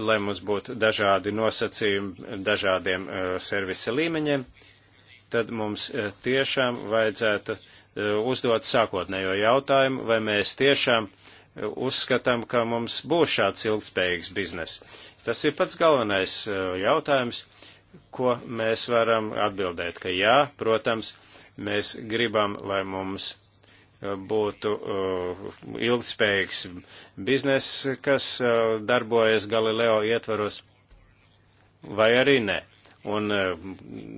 lai mums būtu dažādi nosacījumi dažādiem e, servisa līmeņiem, tad mums e, tiešām vajadzētu e, uzdot sākotnējo jautājumu, vai mēs tiešām uzskatām, ka mums būs šāds ilgspējīgs biznes. Tas ir pats galvenais jautājums, ko mēs varam atbildēt, ka jā, protams, mēs gribam, lai mums būtu uh, ilgspējīgs bizness, kas uh, darbojas Galileo ietvaros, vai arī nē. Un uh,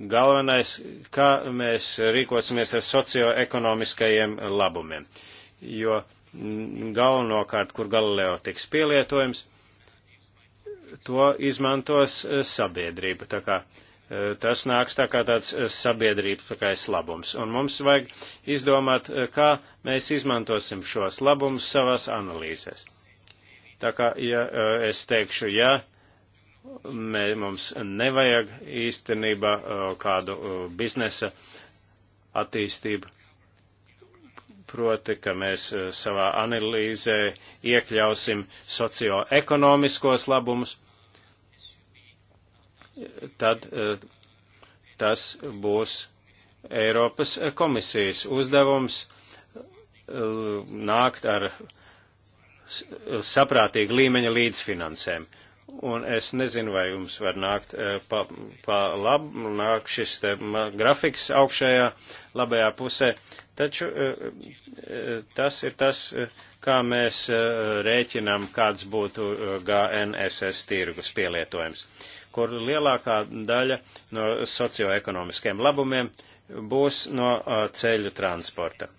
galvenais, kā mēs rīkosimies ar socioekonomiskajiem labumiem. Jo mm, galvenokārt, kur Galileo tiks pielietojums, to izmantos sabiedrība. Tā kā tas nāks tā kā tāds eh, sabiedrības labums. Un mums vajag izdomāt, eh, kā mēs izmantosim šos labumus savās analīzēs. Tā kā, ja eh, es teikšu, jā, ja, mē, mums nevajag īstenībā kādu biznesa attīstību, proti, ka mēs savā analīzē iekļausim socioekonomiskos labumus, tad e, tas būs Eiropas komisijas uzdevums e, nākt ar e, saprātīgu līmeņa līdzfinansēm. Un es nezinu, vai jums var nākt pa, pa lab, nāk šis te grafiks augšējā labajā pusē, taču tas ir tas, kā mēs rēķinam, kāds būtu GNSS tirgus pielietojums kur lielākā daļa no socioekonomiskiem labumiem būs no uh, ceļu transporta.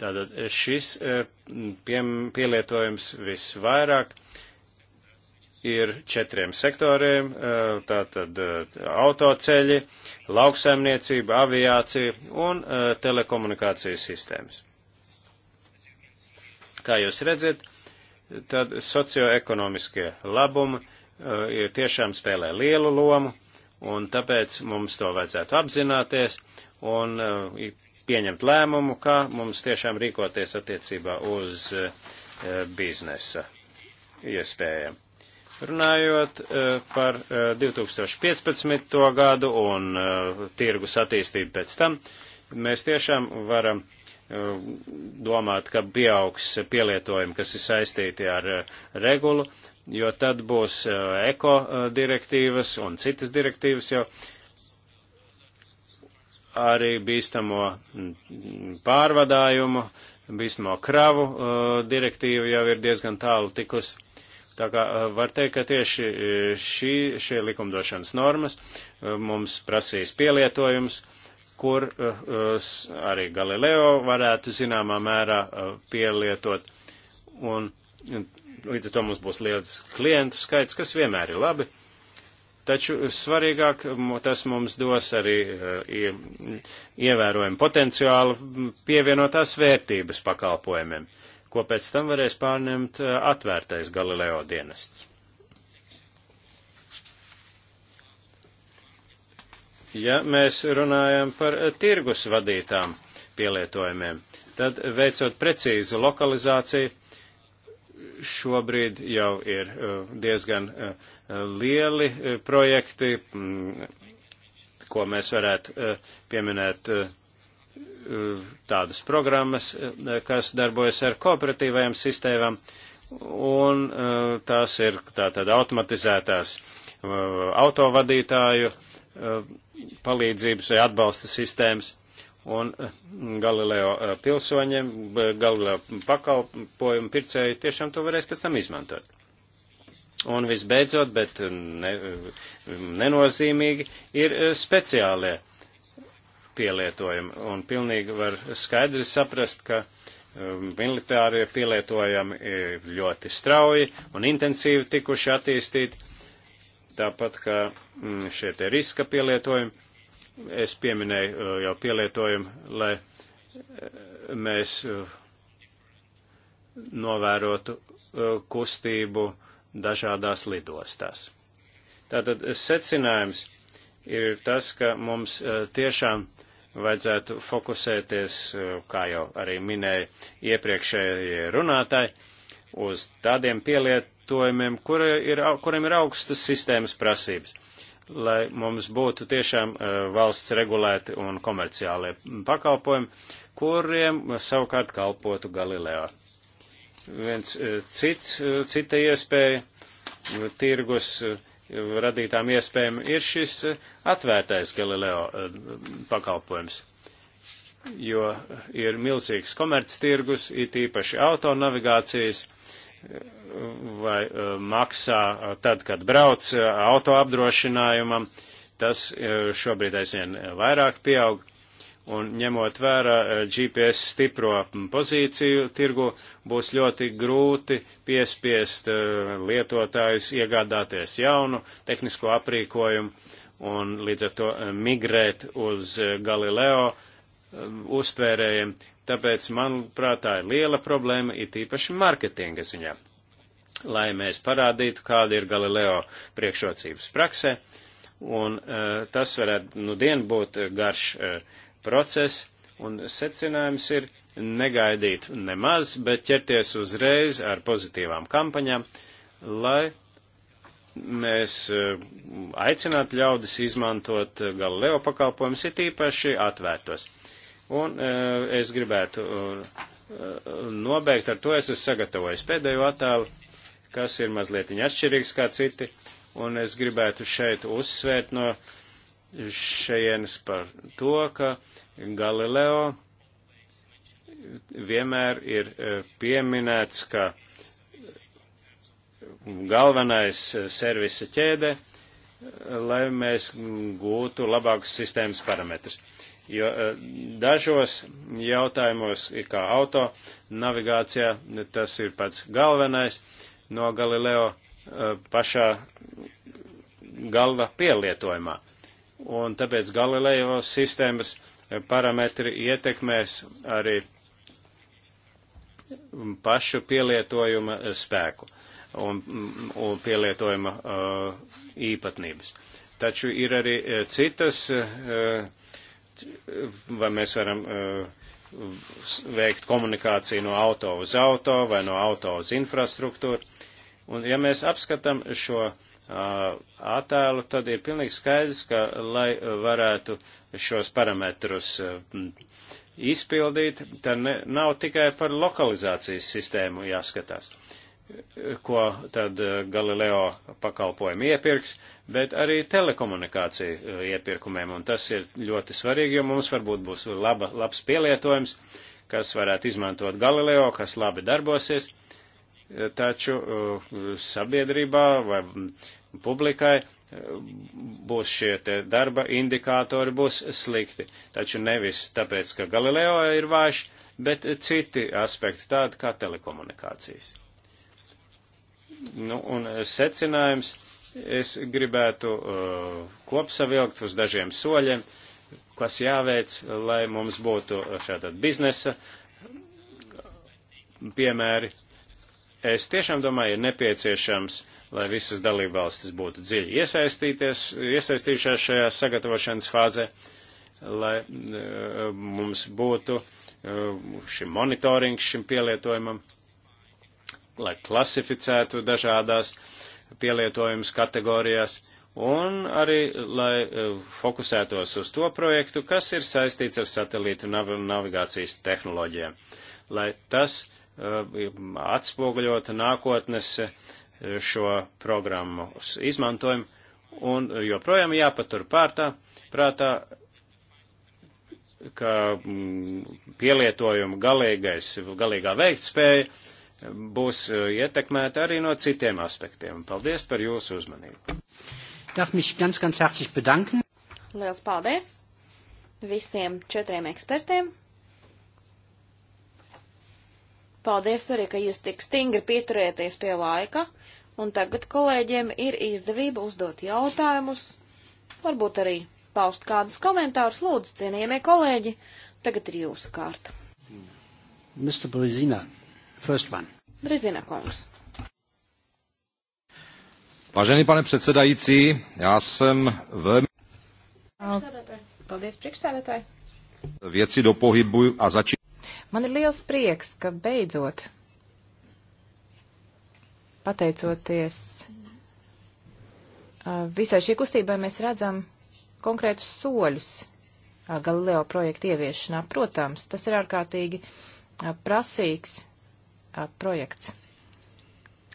Tātad šis uh, piem, pielietojums visvairāk ir četriem sektoriem, uh, tātad autoceļi, lauksaimniecība, aviācija un telekomunikācijas sistēmas. Kā jūs redzat, tad socioekonomiskie labumi Eh, ir tiešām spēlē lielu lomu, un tāpēc mums to vajadzētu apzināties un eh, pieņemt lēmumu, kā mums tiešām rīkoties attiecībā uz eh, biznesa iespējām. Runājot par 2015. gadu un tirgus attīstību pēc tam, mēs tiešām varam domāt, ka pieaugs pielietojumi, kas ir saistīti ar regulu, jo tad būs e, eko e, direktīvas un citas direktīvas jau arī bīstamo pārvadājumu, bīstamo kravu e, direktīva jau ir diezgan tālu tikus. Tā kā var teikt, ka tieši šī, šie likumdošanas normas mums prasīs pielietojums, kur arī Galileo varētu zināmā mērā pielietot. Un līdz to mums būs liels klientu skaits, kas vienmēr ir labi. Taču svarīgāk tas mums dos arī eh, ievērojumu potenciālu pievienotās vērtības pakalpojumiem, ko pēc tam varēs pārņemt eh, atvērtais Galileo dienests. Ja mēs runājam par eh, tirgus vadītām pielietojumiem, tad veicot precīzu lokalizāciju, šobrīd jau ir uh, diezgan uh, lieli uh, projekti, mm, ko mēs varētu pieminēt tādas programmas, kas darbojas ar kooperatīvajām sistēmām, un tās ir tātad automatizētās autovadītāju palīdzības vai atbalsta sistēmas un eh, Galileo eh, pilsoņiem, Galileo pakalpojumu pircēji tiešām to varēs pēc tam izmantot. Un visbeidzot, bet eh, ne, nenozīmīgi, ir speciālie pielietojumi. Un pilnīgi var skaidri saprast, ka militārie pielietojumi ir ļoti strauji un intensīvi tikuši attīstīti, tāpat kā mm, šie te riska pielietojumi Es pieminēju uh, jau pielietojumu, lai uh, mēs uh, novērotu kustību dažādās lidostās. Tātad secinājums ir tas, ka mums tiešām vajadzētu fokusēties, kā jau arī minēja iepriekšējie runātāji, uz tādiem pielietojumiem, kuri ir, kuriem ir augstas sistēmas prasības lai mums būtu tiešām eh, valsts regulēti un komerciālie pakalpojumi, kuriem savukārt kalpotu Galileo. Viens eh, cits, eh, cita iespēja tirgus radītām iespējām ir šis atvērtais Galileo pakalpojums, jo ir milzīgs komerctirgus, it īpaši autonavigācijas navigācijas vai e, maksā e, tad, kad brauc e, auto apdrošinājumam, tas šobrīd aizvien vairāk pieaug. Un ņemot vērā GPS stipro pozīciju tirgu, būs ļoti grūti piespiest lietotājus iegādāties jaunu tehnisko aprīkojumu un līdz ar to migrēt uz Galileo uztvērējiem, Tāpēc, manuprāt, tā ir liela problēma, it īpaši marketinga ziņā, lai mēs parādītu, kāda ir Galileo priekšrocības praksē, un uh, tas varētu, nu, dien būt garš uh, process, un secinājums ir negaidīt nemaz, bet ķerties uzreiz ar pozitīvām kampaņām, lai mēs e, aicinātu ļaudis izmantot Galileo pakalpojumus, it īpaši atvērtos. Uh, Un e, es gribētu e, e, nobeigt ar to, es esmu sagatavojis pēdējo attēlu, kas ir mazliet atšķirīgs kā citi, un es gribētu šeit uzsvērt no šajienas par to, ka Galileo vienmēr ir pieminēts, ka galvenais servisa ķēde, lai mēs gūtu labākus sistēmas parametrus jo e, dažos jautājumos, kā auto navigācijā, tas ir pats galvenais no Galileo e, pašā galva pielietojumā. Un tāpēc Galileo sistēmas e, parametri ietekmēs arī pašu pielietojuma spēku un, un pielietojuma uh, īpatnības. Taču ir arī citas uh, vai mēs varam uh, veikt komunikāciju no auto uz auto vai no auto uz infrastruktūru. Un ja mēs apskatām šo uh, attēlu, tad ir pilnīgi skaidrs, ka, lai varētu šos parametrus uh, izpildīt, tad ne, nav tikai par lokalizācijas sistēmu jāskatās. Uh, ko tad eh, Galileo pakalpojumi iepirks, bet arī telekomunikāciju eh, iepirkumiem, un tas ir ļoti svarīgi, jo mums varbūt būs laba, labs pielietojums, kas varētu izmantot Galileo, kas labi darbosies, eh, taču sabiedrībā vai publikai būs šie darba indikātori būs slikti. Taču nevis tāpēc, ka Galileo ir vājš, bet citi aspekti tādi kā telekomunikācijas. Nu, un eh, secinājums es gribētu uh, kopsavilkt uz dažiem soļiem, kas jāveic, lai mums būtu eh, šāda biznesa piemēri. Es tiešām domāju, ir nepieciešams, lai visas dalībvalstis būtu dziļi iesaistījušās šajā sagatavošanas fāzē, lai uh, mums būtu uh, šim monitorings šim pielietojumam. Uh, lai klasificētu dažādās pielietojumus kategorijās un arī, lai e, fokusētos uz to projektu, kas ir saistīts ar satelītu nav navigācijas tehnoloģijām, lai tas uh, atspoguļotu nākotnes e, šo programmu izmantojumu, un joprojām jāpatur pārtā, prātā, ka mm, pielietojumu galīgais, galīgā veiktspēja būs eh, ietekmēta arī no citiem aspektiem. Paldies par jūsu uzmanību.
Darf mich ganz, ganz herzlich bedanken.
Liels paldies visiem četriem ekspertiem. Paldies arī, ka jūs tik stingri pieturēties pie laika, un tagad kolēģiem ir izdevība uzdot jautājumus, varbūt arī paust kādus komentārus. Lūdzu, cienījamie kolēģi, tagad ir jūsu kārta.
Mr. Boizina. First one.
Brzina
kungs.
Vážený pane předsedající, já jsem velmi...
Paldies, priekšsēdētāji.
Vieci do pohybu a začí...
Man ir liels prieks, ka beidzot, pateicoties visai šī kustībai, mēs redzam konkrētus soļus Galileo projektu ieviešanā. Protams, tas ir ārkārtīgi prasīgs projekts.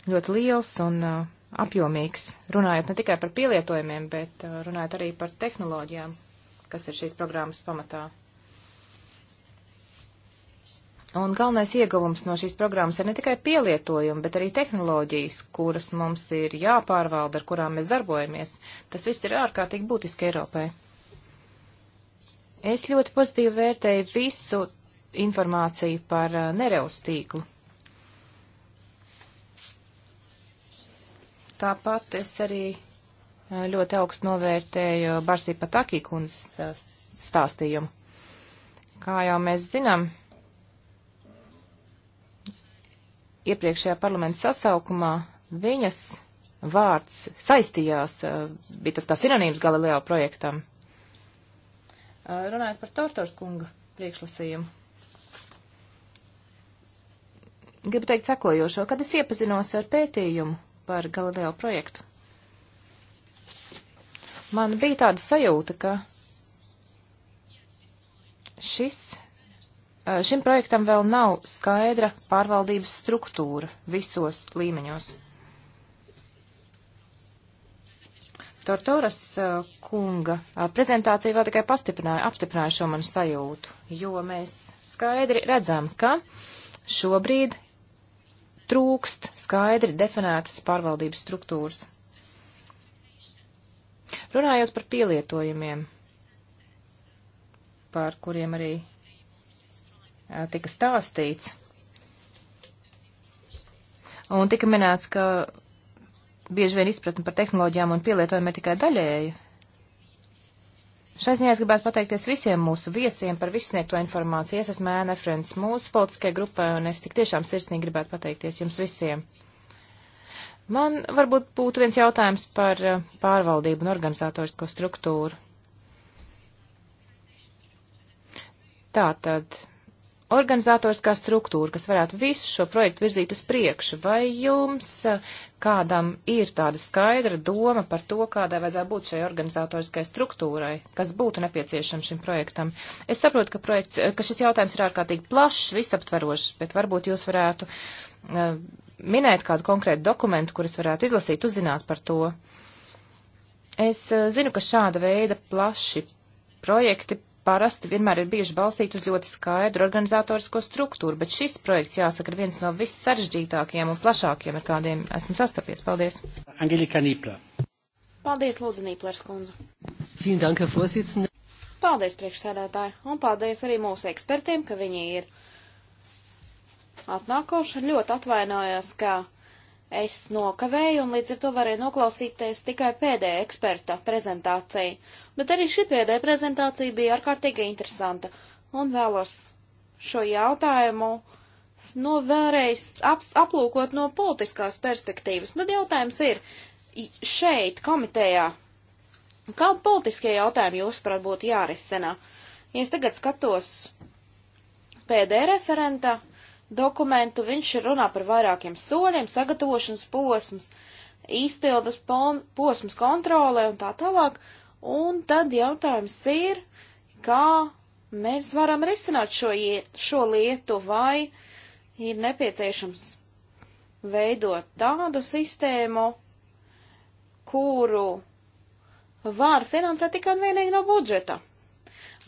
Ļoti liels un apjomīgs, runājot ne tikai par pielietojumiem, bet runājot arī par tehnoloģijām, kas ir šīs programmas pamatā. Un galvenais ieguvums no šīs programmas ir ne tikai pielietojumi, bet arī tehnoloģijas, kuras mums ir jāpārvalda, ar kurām mēs darbojamies. Tas viss ir ārkārtīgi būtiski Eiropai. Es ļoti pozitīvi vērtēju visu informāciju par nereus tīklu. Tāpat es arī ļoti augstu novērtēju Barsī Patakī kundzes stāstījumu. Kā jau mēs zinām, iepriekšējā parlamenta sasaukumā viņas vārds saistījās, bija tas kā sinonīms Galileo projektam. Runājot par Tortors kunga priekšlasījumu. Gribu teikt sekojošo, kad es iepazinos ar pētījumu, par Galileo projektu. Man bija tāda sajūta, ka šis, šim projektam vēl nav skaidra pārvaldības struktūra visos līmeņos. Tortoras kunga prezentācija vēl tikai pastiprināja, apstiprināja šo manu sajūtu, jo mēs skaidri redzam, ka šobrīd trūkst skaidri definētas pārvaldības struktūras. Runājot par pielietojumiem, par kuriem arī tika stāstīts, un tika minēts, ka bieži vien izpratne par tehnoloģijām un pielietojumiem ir tikai daļēja Šai ziņā es gribētu pateikties visiem mūsu viesiem par visu sniegto informāciju. Es esmu Ēna Frens mūsu politiskajai grupai, un es tik tiešām sirsnīgi gribētu pateikties jums visiem. Man varbūt būtu viens jautājums par eh, pārvaldību un organizatorisko struktūru. Tātad organizatoriskā struktūra, kas varētu visu šo projektu virzīt uz priekšu, vai jums kādam ir tāda skaidra doma par to, kādai vajadzētu būt šai organizatoriskai struktūrai, kas būtu nepieciešama šim projektam? Es saprotu, ka, projekts, ka šis jautājums ir ārkārtīgi plašs, visaptverošs, bet varbūt jūs varētu uh, minēt kādu konkrētu dokumentu, kurus varētu izlasīt, uzzināt par to. Es uh, zinu, ka šāda veida plaši projekti parasti vienmēr ir bijuši balstīti uz ļoti skaidru organizatorisko struktūru, bet šis projekts, jāsaka, ir viens no vissaržģītākajiem un plašākajiem, ar kādiem esmu sastapies. Paldies! Angelika Nīpla.
Paldies, Lūdzu, Nīplers kundze.
Vielen Dank, Herr Vorsitzende.
Paldies, priekšsēdētāji, un paldies arī mūsu ekspertiem, ka viņi ir atnākoši. Ļoti atvainojos, ka es nokavēju un līdz ar to varēju noklausīties tikai pēdējā eksperta prezentāciju. Bet arī šī pēdējā prezentācija bija ārkārtīgi interesanta un vēlos šo jautājumu no nu, vēlreiz ap, aplūkot no politiskās perspektīvas. Tad jautājums ir šeit komitejā, kādi politiskie jautājumi jūsuprāt būtu jārisina? Ja es tagad skatos pēdējā referenta dokumentu, viņš runā par vairākiem soļiem, sagatavošanas posms, izpildas posms kontrolē un tā tālāk. Un tad jautājums ir, kā mēs varam risināt šo, šo lietu, vai ir nepieciešams veidot tādu sistēmu, kuru var finansēt tikai un vienīgi no budžeta.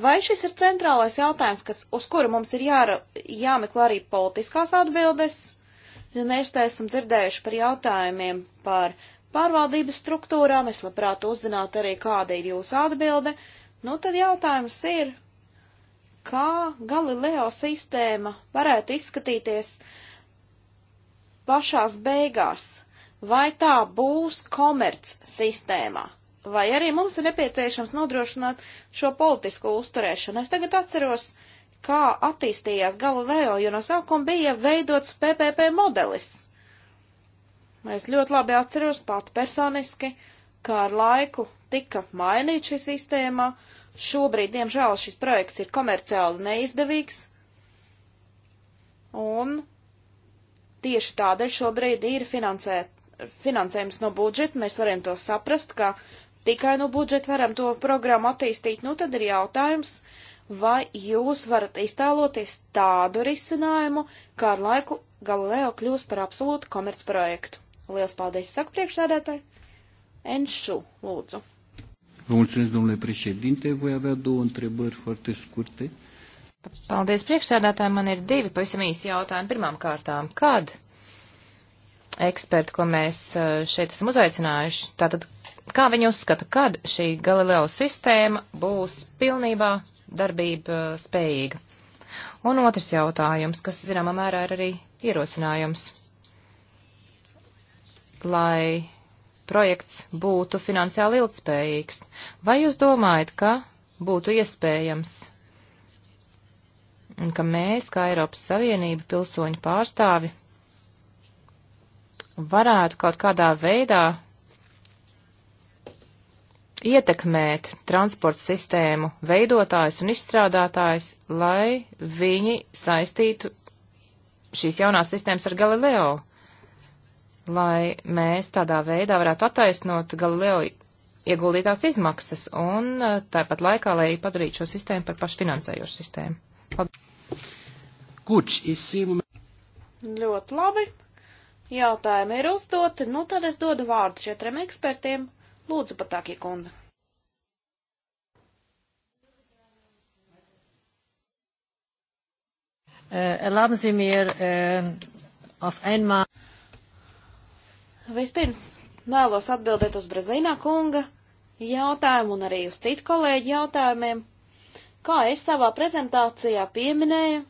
Vai šis ir centrālais jautājums, kas, uz kuru mums ir jāra, jāmeklē arī politiskās atbildes? Ja mēs te esam dzirdējuši par jautājumiem par pārvaldības struktūrām, es labprāt uzzinātu arī, kāda ir jūsu atbilde. Nu, tad jautājums ir, kā Galileo sistēma varētu izskatīties pašās beigās? Vai tā būs komerc sistēmā? vai arī mums ir nepieciešams nodrošināt šo politisko uzturēšanu. Es tagad atceros, kā attīstījās Galileo, jo no sākuma bija veidots PPP modelis. Es ļoti labi atceros pat personiski, kā ar laiku tika mainīts šī sistēma. Šobrīd, diemžēl, šis projekts ir komerciāli neizdevīgs. Un tieši tādēļ šobrīd ir finansēt, finansējums no budžeta. Mēs varam to saprast, ka tikai no nu, budžeta varam to programmu attīstīt, nu tad ir jautājums, vai jūs varat iztēloties tādu risinājumu, kā ar laiku Galileo kļūs par absolūtu komercprojektu. Lielas paldies, saka priekšsēdētāji. Enšu, lūdzu.
Mulțumesc, domnule președinte. Voi avea două întrebări foarte scurte.
Paldies, priekšsēdētāji. Man ir divi pavisam īsi jautājumi. Pirmām kārtām, kad eksperti, ko mēs eh, šeit esam uzaicinājuši, tātad Kā viņi uzskata, kad šī Galileo sistēma būs pilnībā darbība uh, spējīga? Un otrs jautājums, kas, zināmā mērā, ir arī ierosinājums, lai projekts būtu finansiāli ilgspējīgs. Vai jūs domājat, ka būtu iespējams, ka mēs, kā Eiropas Savienība, pilsoņu pārstāvi, varētu kaut kādā veidā ietekmēt transporta sistēmu veidotājus un izstrādātājus, lai viņi saistītu šīs jaunās sistēmas ar Galileo, lai mēs tādā veidā varētu attaisnot Galileo ieguldītās izmaksas un eh, tāpat laikā, lai padarītu šo sistēmu par pašfinansējošu sistēmu. Paldies. Kurš izsīmumi?
Ļoti labi. Jautājumi ir uzdoti, nu tad es dodu vārdu četriem ekspertiem, Lūdzu, patākie kundze.
Erlauben eh, eh, Sie mir eh, auf einmal.
Vispirms vēlos atbildēt uz Brazīnā kunga jautājumu un arī uz citu kolēģu jautājumiem. Kā es savā prezentācijā pieminēju,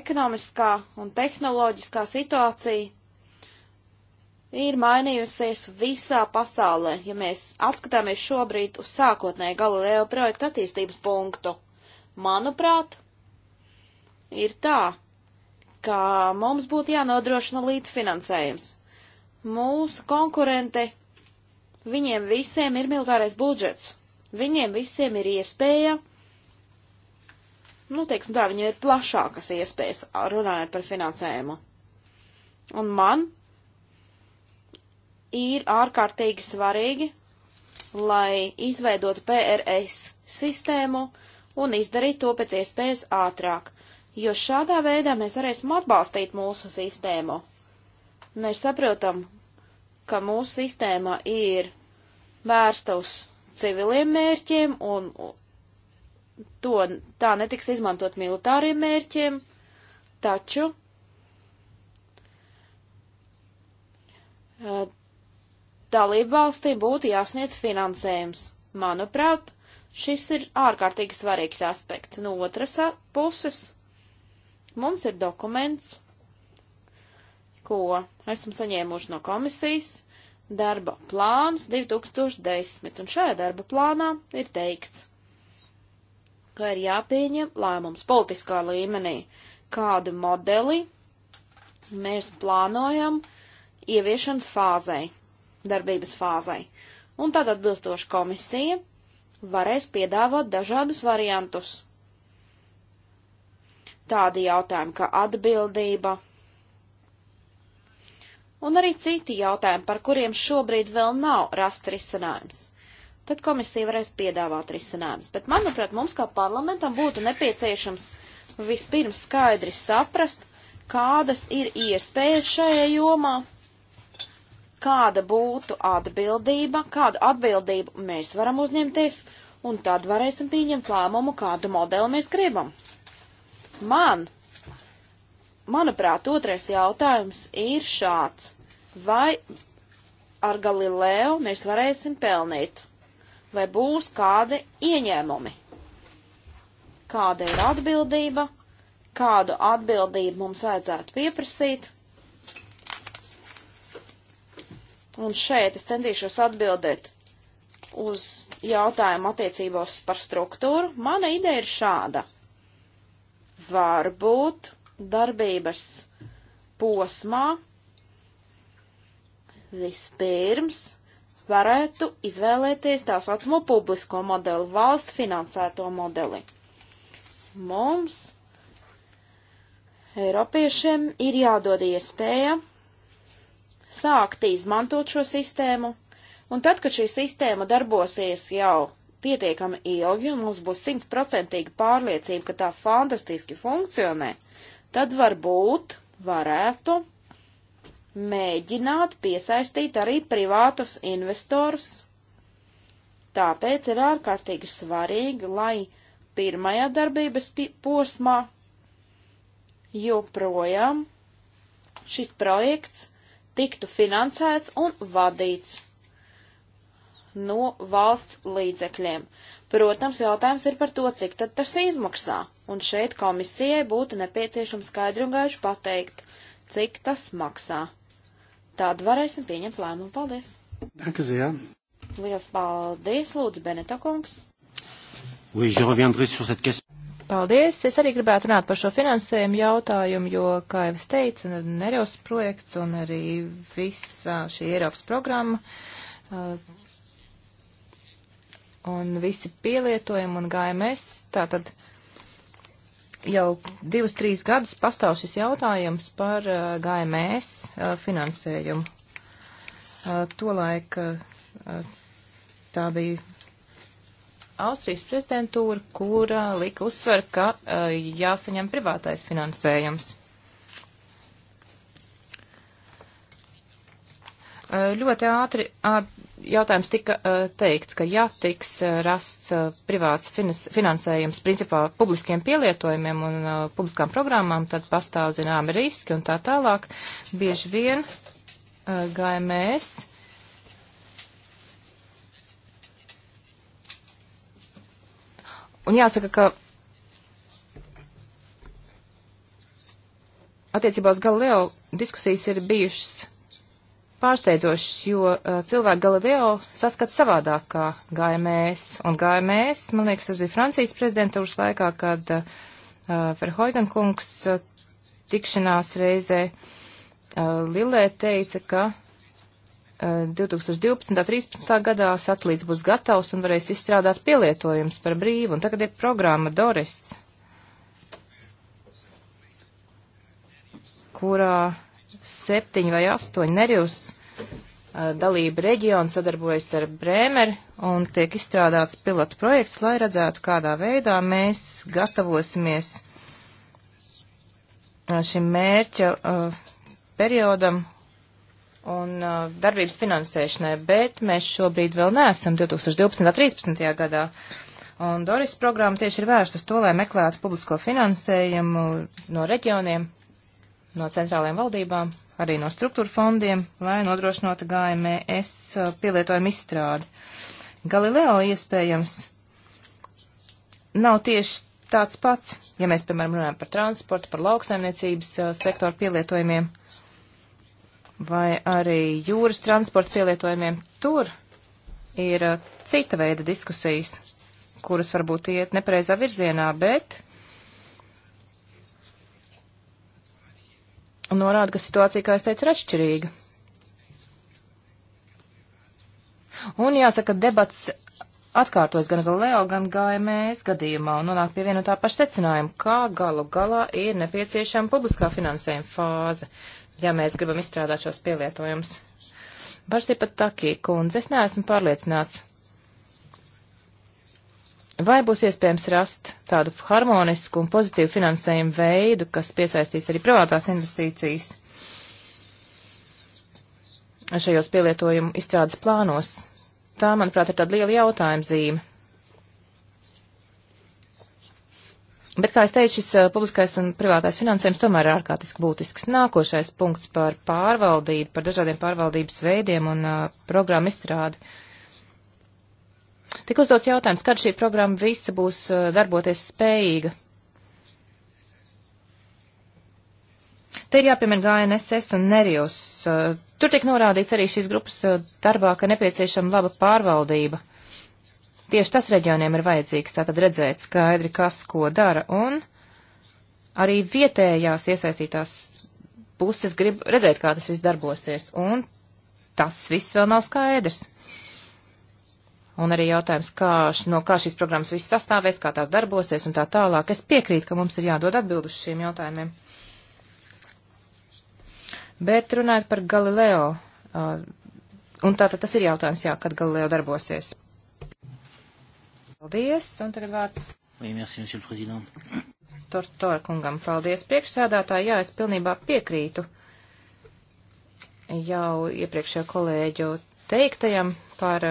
ekonomiskā un tehnoloģiskā situācija ir mainījusies visā pasaulē, ja mēs atskatāmies šobrīd uz sākotnēju Galileo projektu attīstības punktu. Manuprāt, ir tā, ka mums būtu jānodrošina līdzfinansējums. Mūsu konkurenti, viņiem visiem ir militārais budžets, viņiem visiem ir iespēja, nu, teiksim tā, viņiem ir plašākas iespējas runājot par finansējumu. Un man ir ārkārtīgi svarīgi, lai izveidotu PRS sistēmu un izdarītu to pēc iespējas ātrāk, jo šādā veidā mēs varēsim atbalstīt mūsu sistēmu. Mēs saprotam, ka mūsu sistēma ir vērsta uz civiliem mērķiem un to, tā netiks izmantot militāriem mērķiem, taču dalību valstī būtu jāsniedz finansējums. Manuprāt, šis ir ārkārtīgi svarīgs aspekts. No otras puses, mums ir dokuments, ko esam saņēmuši no komisijas, darba plāns 2010, un šajā darba plānā ir teikts, ka ir jāpieņem lēmums politiskā līmenī, kādu modeli mēs plānojam ieviešanas fāzei darbības fāzai. Un tad atbilstoši komisija varēs piedāvāt dažādus variantus. Tādi jautājumi kā atbildība un arī citi jautājumi, par kuriem šobrīd vēl nav rast risinājums. Tad komisija varēs piedāvāt risinājums. Bet, manuprāt, mums kā parlamentam būtu nepieciešams vispirms skaidri saprast, kādas ir iespējas šajā jomā kāda būtu atbildība, kādu atbildību mēs varam uzņemties, un tad varēsim pieņemt lēmumu, kādu modeli mēs gribam. Man, manuprāt, otrais jautājums ir šāds. Vai ar Galileo mēs varēsim pelnīt? Vai būs kādi ieņēmumi? Kāda ir atbildība? Kādu atbildību mums vajadzētu pieprasīt? Un šeit es centīšos atbildēt uz jautājumu attiecībos par struktūru. Mana ideja ir šāda. Varbūt darbības posmā vispirms varētu izvēlēties tā saucamo publisko modeli, valsts finansēto modeli. Mums, Eiropiešiem, ir jādod iespēja sākt izmantot šo sistēmu, un tad, kad šī sistēma darbosies jau pietiekami ilgi un mums būs simtprocentīga pārliecība, ka tā fantastiski funkcionē, tad varbūt varētu mēģināt piesaistīt arī privātus investorus. Tāpēc ir ārkārtīgi svarīgi, lai pirmajā darbības posmā joprojām šis projekts tiktu finansēts un vadīts no valsts līdzekļiem. Protams, jautājums ir par to, cik tad tas izmaksā, un šeit komisijai būtu nepieciešams skaidri un gaiši pateikt, cik tas maksā. Tad varēsim pieņemt lēmumu. Paldies! Danke sehr! Lielas paldies, lūdzu, Beneta kungs!
Oui, je reviendrai sur
cette question. Paldies! Es arī gribētu runāt par šo finansējumu jautājumu, jo, kā jau es teicu, Nereus projekts un arī visa šī Eiropas programma uh, un visi pielietojumi un GMS, tātad jau divus, trīs gadus pastāv šis jautājums par uh, GMS uh, finansējumu. Tolaik tā bija Austrijas prezidentūra, kura lika uzsver, ka uh, jāsaņem privātais finansējums. Uh, ļoti ātri jautājums tika eh, teikts, ka ja tiks rasts privāts finansējums principā publiskiem pielietojumiem un publiskām programmām, tad pastāv zināmi riski un tā tālāk. Bieži vien GMS Un jāsaka, ka attiecībā uz Galileo diskusijas ir bijušas pārsteidošas, jo uh, cilvēki Galileo saskata savādāk kā GMS. Un GMS, man liekas, tas bija Francijas prezidentūras laikā, kad uh, Verhoigan kungs uh, tikšanās reizē uh, Lillē teica, ka 2012. un 2013. gadā satelīts būs gatavs un varēs izstrādāt pielietojums par brīvu, un tagad ir programma Doris, kurā septiņi vai astoņi nerjus uh, dalība reģiona sadarbojas ar Brēmeri un tiek izstrādāts pilotu projekts, lai redzētu, kādā veidā mēs gatavosimies uh, šim mērķa uh, periodam un uh, darbības finansēšanai, bet mēs šobrīd vēl neesam 2012. un 2013. gadā. Un Doris programma tieši ir vērsta uz to, lai meklētu publisko finansējumu no reģioniem, no centrālajām valdībām, arī no struktūra fondiem, lai nodrošinātu GMS uh, pielietojumu izstrādi. Galileo iespējams nav tieši tāds pats, ja mēs, piemēram, runājam par transportu, par lauksaimniecības uh, sektoru pielietojumiem vai arī jūras transporta pielietojumiem, tur ir uh, cita veida diskusijas, kuras varbūt iet nepareizā virzienā, bet norāda, ka situācija, kā es teicu, ir atšķirīga. Un jāsaka, debats atkārtos gan Galileo, gan GMS gadījumā un nonāk pie vienotā paša secinājuma, kā galu galā ir nepieciešama publiskā finansējuma fāze ja mēs gribam izstrādāt šos pielietojumus. Barsī pat takī, kundze, es neesmu pārliecināts. Vai būs iespējams rast tādu harmonisku un pozitīvu finansējumu veidu, kas piesaistīs arī privātās investīcijas šajos pielietojumu izstrādes plānos? Tā, manuprāt, ir tāda liela jautājuma zīme. Bet, kā es teicu, šis publiskais un privātais finansējums tomēr ir ārkārtiski būtisks. Nākošais punkts par pārvaldību, par dažādiem pārvaldības veidiem un uh, programmu izstrādi. Tik uzdots jautājums, kad šī programma visa būs uh, darboties spējīga. Te ir jāpiemina GNSS un Nerijos. Uh, tur tiek norādīts arī šīs grupas darbā, ka nepieciešama laba pārvaldība Tieši tas reģioniem ir vajadzīgs, tātad redzēt skaidri, kas ko dara, un arī vietējās iesaistītās puses grib redzēt, kā tas viss darbosies, un tas viss vēl nav skaidrs. Un arī jautājums, kā, no kā šīs programmas viss sastāvēs, kā tās darbosies un tā tālāk. Es piekrītu, ka mums ir jādod atbild uz šiem jautājumiem. Bet runājot par Galileo, uh, un tātad tas ir jautājums, jā, kad Galileo darbosies. Paldies, un tagad vārds. Oui, merci, monsieur le président. Tortora kungam, paldies priekšsēdātāji, jā, es pilnībā piekrītu jau iepriekšējo kolēģu teiktajam par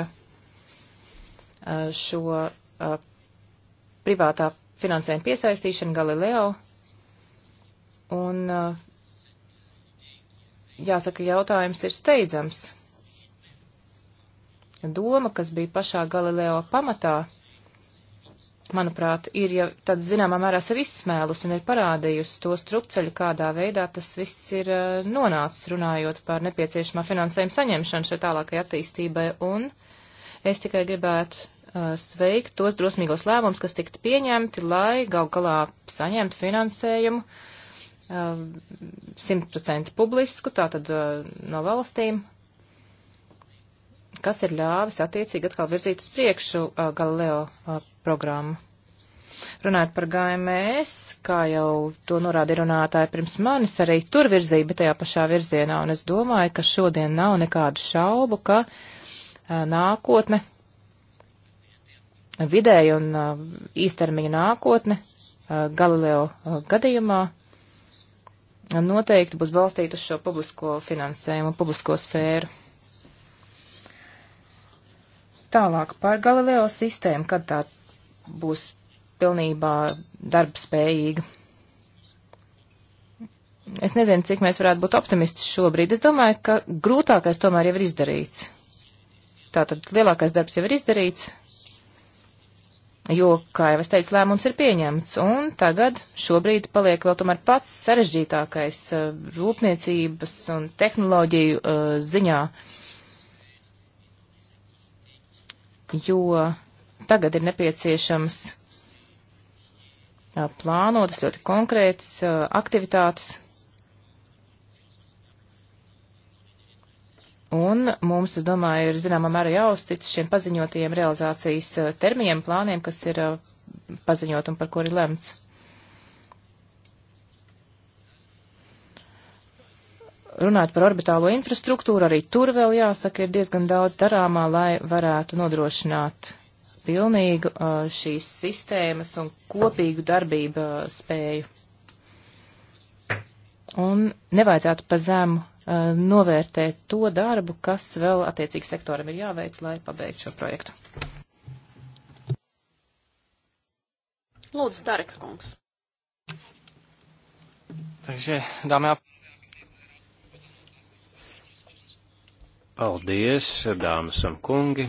šo privātā finansējuma piesaistīšanu Galileo. Un jāsaka, jautājums ir steidzams. Doma, kas bija pašā Galileo pamatā, manuprāt, ir jau tad zināmā mērā sev izsmēlus un ir parādījusi to strupceļu, kādā veidā tas viss ir uh, nonācis, runājot par nepieciešamā finansējuma saņemšanu šai tālākai attīstībai. Un es tikai gribētu uh, sveikt tos drosmīgos lēmumus, kas tiktu pieņemti, lai gal galā saņemtu finansējumu eh, simtprocentīgi uh, publisku, tātad no valstīm, kas ir ļāvis attiecīgi atkal virzīt uz priekšu uh, Galileo uh, programmu. Runājot par GMS, kā jau to norāda runātāji pirms manis, arī tur virzība tajā pašā virzienā, un es domāju, ka šodien nav nekādu šaubu, ka uh, nākotne, vidēja un uh, īstermiņa nākotne uh, Galileo uh, gadījumā noteikti būs balstīta uz šo publisko finansējumu, publisko sfēru. Tālāk par Galileo sistēmu, kad tā būs pilnībā darbspējīga. Es nezinu, cik mēs varētu būt optimisti šobrīd. Es domāju, ka grūtākais tomēr jau ir izdarīts. Tātad lielākais darbs jau ir izdarīts, jo, kā jau es teicu, lēmums ir pieņemts. Un tagad šobrīd paliek vēl tomēr pats sarežģītākais uh, rūpniecības un tehnoloģiju uh, ziņā. Uh, jo tagad ir nepieciešams plānotas ļoti konkrētas aktivitātes. Un mums, es domāju, ir zināmā mērā jāuztic šiem paziņotajiem realizācijas termiņiem, plāniem, kas ir paziņot un par ko ir lemts. runāt par orbitālo infrastruktūru, arī tur vēl jāsaka, ir diezgan daudz darāmā, lai varētu nodrošināt pilnīgu uh, šīs sistēmas un kopīgu darbību uh, spēju. Un nevajadzētu pa zemu uh, novērtēt to darbu, kas vēl attiecīgi sektoram ir jāveic, lai pabeigtu šo projektu.
Lūdzu, Darek kungs.
Takže, dámy a
Paldies, dāmas un kungi.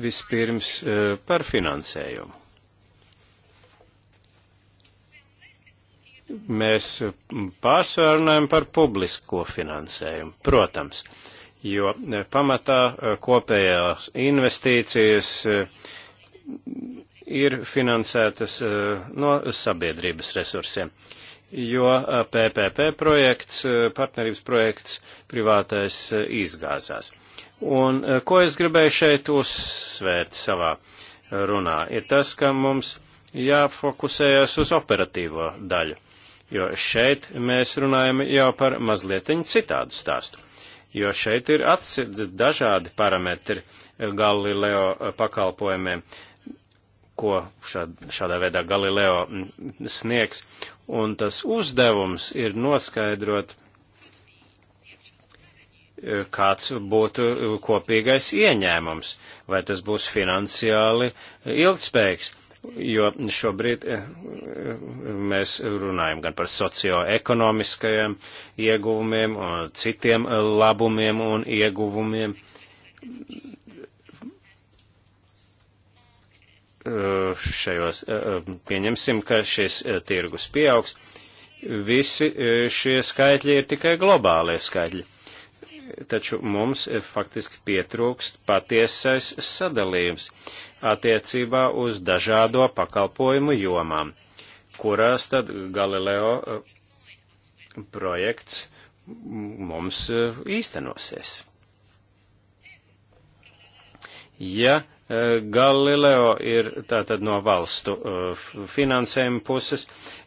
Vispirms eh, par finansējumu. Mēs pārsvērnējam par publisko finansējumu, protams, jo eh, pamatā eh, kopējās investīcijas ir finansētas no sabiedrības resursiem jo PPP eh, projekts, eh, partnerības projekts privātais eh, izgāzās. Un ko es gribēju šeit uzsvērt savā runā, ir tas, ka mums jāfokusējas uz operatīvo daļu, jo šeit mēs runājam jau par mazlietiņu citādu stāstu, jo šeit ir atsid dažādi parametri Galileo pakalpojumiem, ko šād, šādā veidā Galileo mm, sniegs, un tas uzdevums ir noskaidrot, eh, kāds būtu kopīgais ieņēmums, vai tas būs finansiāli ilgspējīgs, jo šobrīd eh, mēs runājam gan par socioekonomiskajiem ieguvumiem, citiem labumiem un ieguvumiem, Eh, šajos, eh, eh, pieņemsim, ka šis tirgus pieaugs, visi šie skaitļi ir tikai globālie skaitļi. Taču mums faktiski pietrūkst patiesais sadalījums attiecībā uz dažādo pakalpojumu jomām, kurās tad Galileo projekts mums īstenosies. Ja Eh, Galileo ir tātad no valstu eh, finansējuma puses,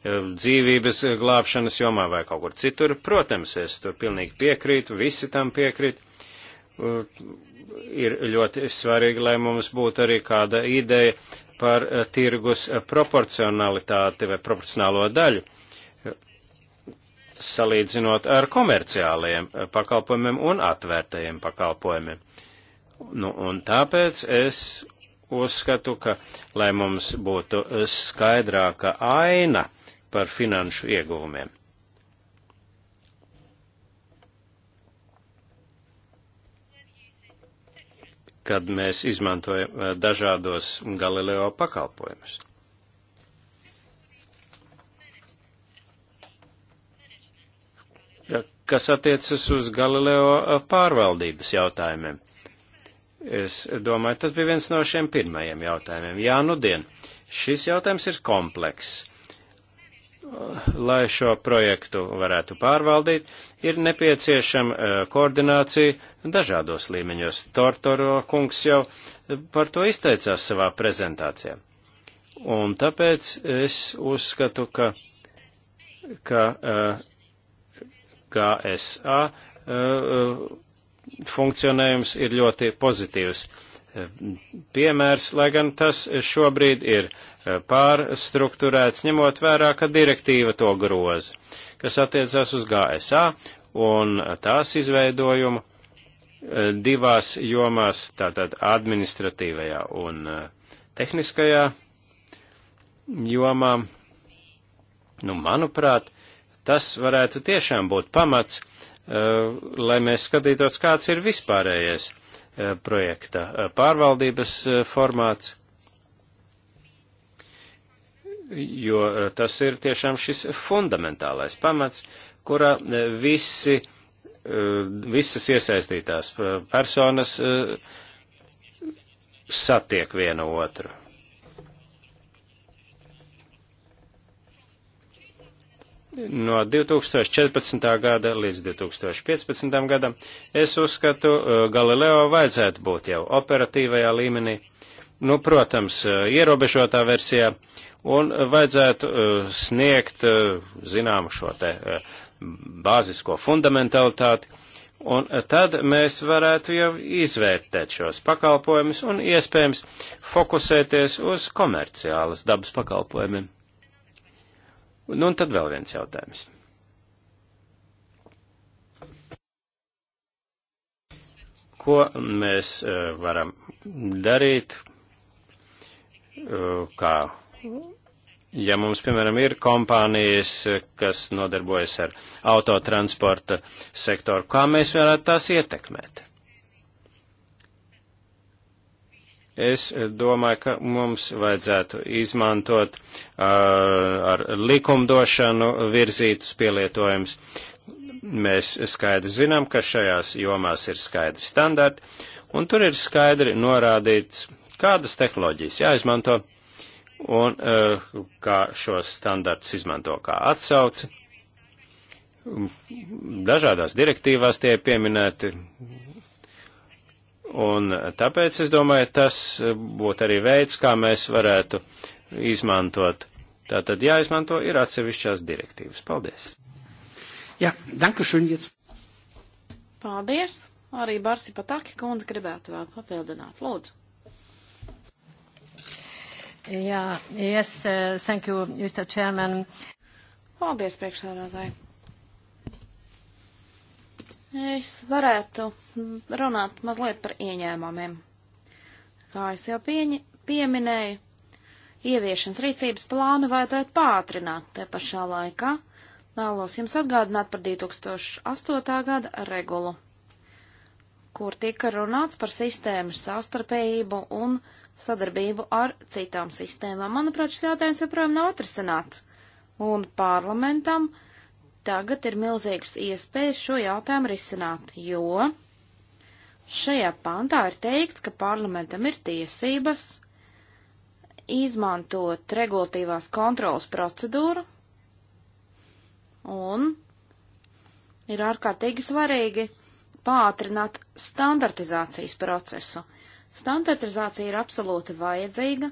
eh, dzīvības glābšanas jomā vai kaut kur citur. Protams, es tur pilnīgi piekrītu, visi tam piekrīt. Ir ļoti svarīgi, lai mums būtu arī kāda ideja par tirgus proporcionalitāti vai proporcionālo daļu, salīdzinot ar komerciālajiem pakalpojumiem un atvērtajiem pakalpojumiem Nu, un tāpēc es uzskatu, ka, lai mums būtu eh, skaidrāka aina par finanšu ieguvumiem. kad mēs izmantojam eh, dažādos Galileo pakalpojumus. Kas attiecas uz Galileo eh, pārvaldības jautājumiem? Es domāju, tas bija viens no šiem pirmajiem jautājumiem. Jā, nu dien, šis jautājums ir komplekss. Lai šo projektu varētu pārvaldīt, ir nepieciešama eh, koordinācija dažādos līmeņos. Tortoro kungs jau par to izteicās savā prezentācijā. Un tāpēc es uzskatu, ka, ka eh, GSA eh, funkcionējums ir ļoti pozitīvs. E, piemērs, lai gan tas šobrīd ir e, pārstruktūrēts, ņemot vērā, ka direktīva to groza, kas attiecas uz GSA un tās izveidojumu e, divās jomās, tātad administratīvajā un tehniskajā jomā. Nu, manuprāt, tas varētu tiešām būt pamats, Eh, lai mēs skatītos, kāds ir vispārējais eh, projekta eh, pārvaldības formāts, jo tas ir tiešām šis fundamentālais pamats, kura visi, visas iesaistītās personas satiek vienu otru. no 2014. gada līdz 2015. gadam, es uzskatu, uh, Galileo vajadzētu būt jau operatīvajā līmenī, nu, protams, uh, ierobežotā versijā, un vajadzētu uh, sniegt, zinām, šo te bāzisko fundamentalitāti, un tad mēs varētu jau izvērtēt šos pakalpojumus un iespējams fokusēties uz komerciālas dabas pakalpojumiem. Nu, un tad vēl viens jautājums. Ko mēs eh, varam darīt, eh, kā, ja mums, piemēram, ir kompānijas, eh, kas nodarbojas ar autotransporta sektoru, kā mēs varētu tās ietekmēt? Es domāju, ka mums vajadzētu izmantot ar likumdošanu virzītus pielietojumus. Mēs skaidri zinām, ka šajās jomās ir skaidri standarti, un tur ir skaidri norādīts, kādas tehnoloģijas jāizmanto un kā šos standartus izmanto kā atsauci. Dažādās direktīvās tie pieminēti, Un tāpēc, es domāju, tas būtu arī veids, kā mēs varētu izmantot. Tātad jāizmanto ir atsevišķās direktīvas. Paldies! Jā, danke šun, jetzt.
Paldies! Arī Barsi Pataki kundze gribētu vēl papildināt. Lūdzu!
Jā, yes, eh, thank you, Mr. Chairman.
Paldies, priekšsādātāji! Es varētu runāt mazliet par ieņēmumiem. Kā es jau pieņi, pieminēju, ieviešanas rīcības plānu vajadzētu pātrināt te pašā laikā. Vēlos jums atgādināt par 2008. gada regulu, kur tika runāts par sistēmas savstarpējību un sadarbību ar citām sistēmām. Manuprāt, šis jautājums joprojām nav atrisināts. Un parlamentam uh, tagad ir milzīgas iespējas šo jautājumu risināt, jo šajā pantā ir teikts, ka parlamentam ir tiesības izmantot regulatīvās kontrolas procedūru un ir ārkārtīgi svarīgi pātrināt standartizācijas procesu. Standartizācija ir absolūti vajadzīga,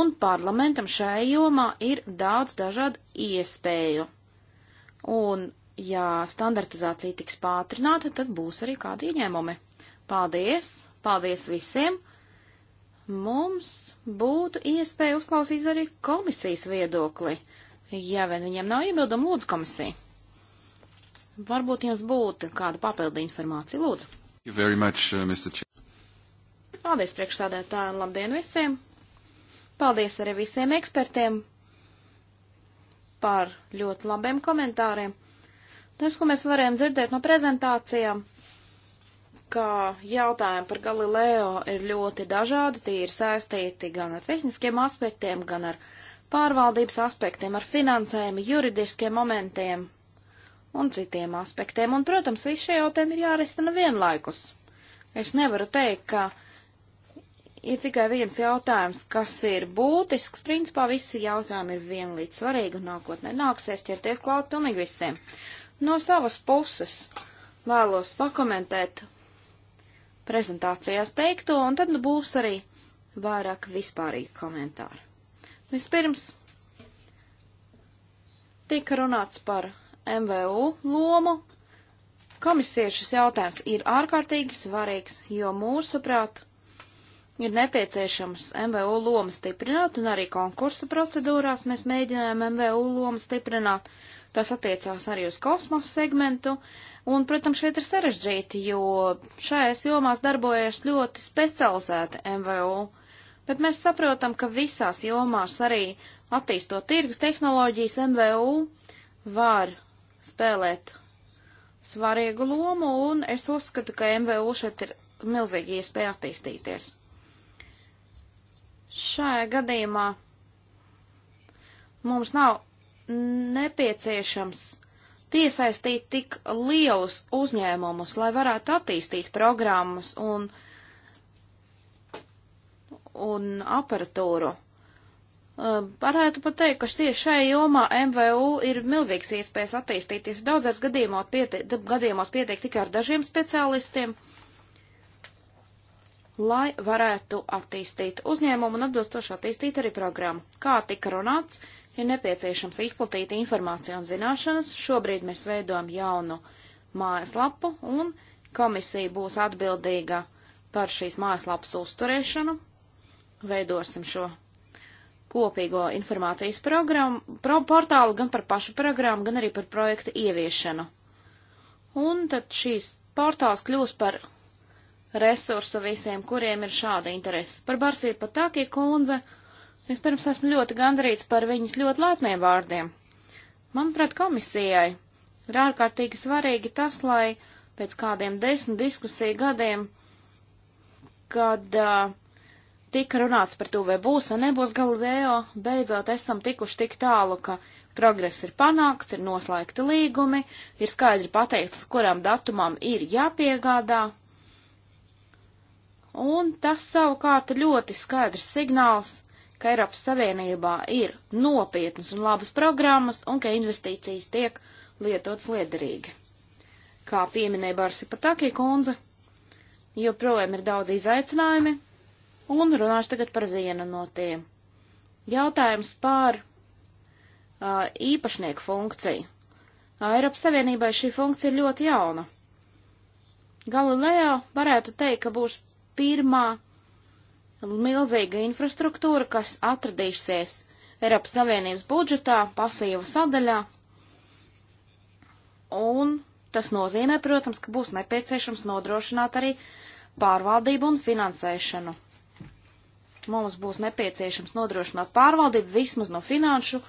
un parlamentam šai jomā ir daudz dažādu iespēju. Un, ja standartizācija tiks pātrināta, tad būs arī kādi ieņēmumi. Paldies! Paldies visiem! Mums būtu iespēja uzklausīt arī komisijas viedokli. Ja vien viņiem nav iebildumu, lūdzu komisiju. Varbūt jums būtu kāda papildi informācija, lūdzu. Much, uh, Paldies priekšstādētāji un labdien visiem! Paldies arī visiem ekspertiem! par ļoti labiem komentāriem. Tas, ko mēs varējām dzirdēt no prezentācijām, ka jautājumi par Galileo ir ļoti dažādi, tie ir saistīti gan ar tehniskiem aspektiem, gan ar pārvaldības aspektiem, ar finansējumu, juridiskiem momentiem un citiem aspektiem. Un, protams, visi šie jautājumi ir jārisina vienlaikus. Es nevaru teikt, ka ir tikai viens jautājums, kas ir būtisks. Principā visi jautājumi ir vienlīdz svarīgi un nākotnē nāksies ķerties klāt pilnīgi visiem. No savas puses vēlos pakomentēt prezentācijās teikto, un tad nu būs arī vairāk vispārīgi komentāri. Vispirms tika runāts par MVU lomu. Komisija šis jautājums ir ārkārtīgi svarīgs, jo mūsuprāt, ir nepieciešams MVU lomu stiprināt, un arī konkursa procedūrās mēs mēģinājām MVU lomu stiprināt. Tas attiecās arī uz kosmosa segmentu, un, protams, šeit ir sarežģīti, jo šajās jomās darbojas ļoti specializēti MVU. Bet mēs saprotam, ka visās jomās arī attīstot tirgus tehnoloģijas MVU var spēlēt svarīgu lomu, un es uzskatu, ka MVU šeit ir milzīgi iespēja attīstīties. Šajā gadījumā mums nav nepieciešams piesaistīt tik lielus uzņēmumus, lai varētu attīstīt programmas un, un aparatūru. Varētu pat teikt, ka tieši šajā jomā MVU ir milzīgs iespējas attīstīties. Daudzās gadījumos pietiek, gadījumos pietiek tikai ar dažiem speciālistiem. Uh, lai varētu attīstīt uzņēmumu un atbilstoši attīstīt arī programmu. Kā tika runāts, ir nepieciešams izplatīt informāciju un zināšanas. Šobrīd mēs veidojam jaunu mājaslapu un komisija būs atbildīga par šīs mājaslapas uzturēšanu. Veidosim šo kopīgo informācijas programmu, pro, portālu gan par pašu programmu, gan arī par projekta ieviešanu. Un tad šīs portāls kļūs par resursu visiem, kuriem ir šāda interese. Par Barsību Patākie kundze, es pirms esmu ļoti gandarīts par viņas ļoti laipniem vārdiem. Manuprāt, komisijai ir ārkārtīgi svarīgi tas, lai pēc kādiem desmit diskusiju gadiem, kad uh, tika runāts par to, vai būs vai nebūs Galileo, beidzot esam tikuši tik tālu, ka progress ir panākts, ir noslēgti līgumi, ir skaidri pateikts, kurām datumam ir jāpiegādā, un tas savukārt ļoti skaidrs signāls, ka Eiropas Savienībā ir nopietnas un labas programmas un ka investīcijas tiek lietotas liederīgi. Kā pieminēja Barsi Patakī kundze, joprojām ir daudz izaicinājumi, un runāšu tagad par vienu no tiem. Jautājums par uh, īpašnieku funkciju. Eiropas Savienībai šī funkcija ir ļoti jauna. Galileo varētu teikt, ka būs pirmā milzīga infrastruktūra, kas atradīsies Eiropas Savienības budžetā, pasīva sadaļā. Un tas nozīmē, protams, ka būs nepieciešams nodrošināt arī pārvaldību un finansēšanu. Mums būs nepieciešams nodrošināt pārvaldību vismaz no finanšu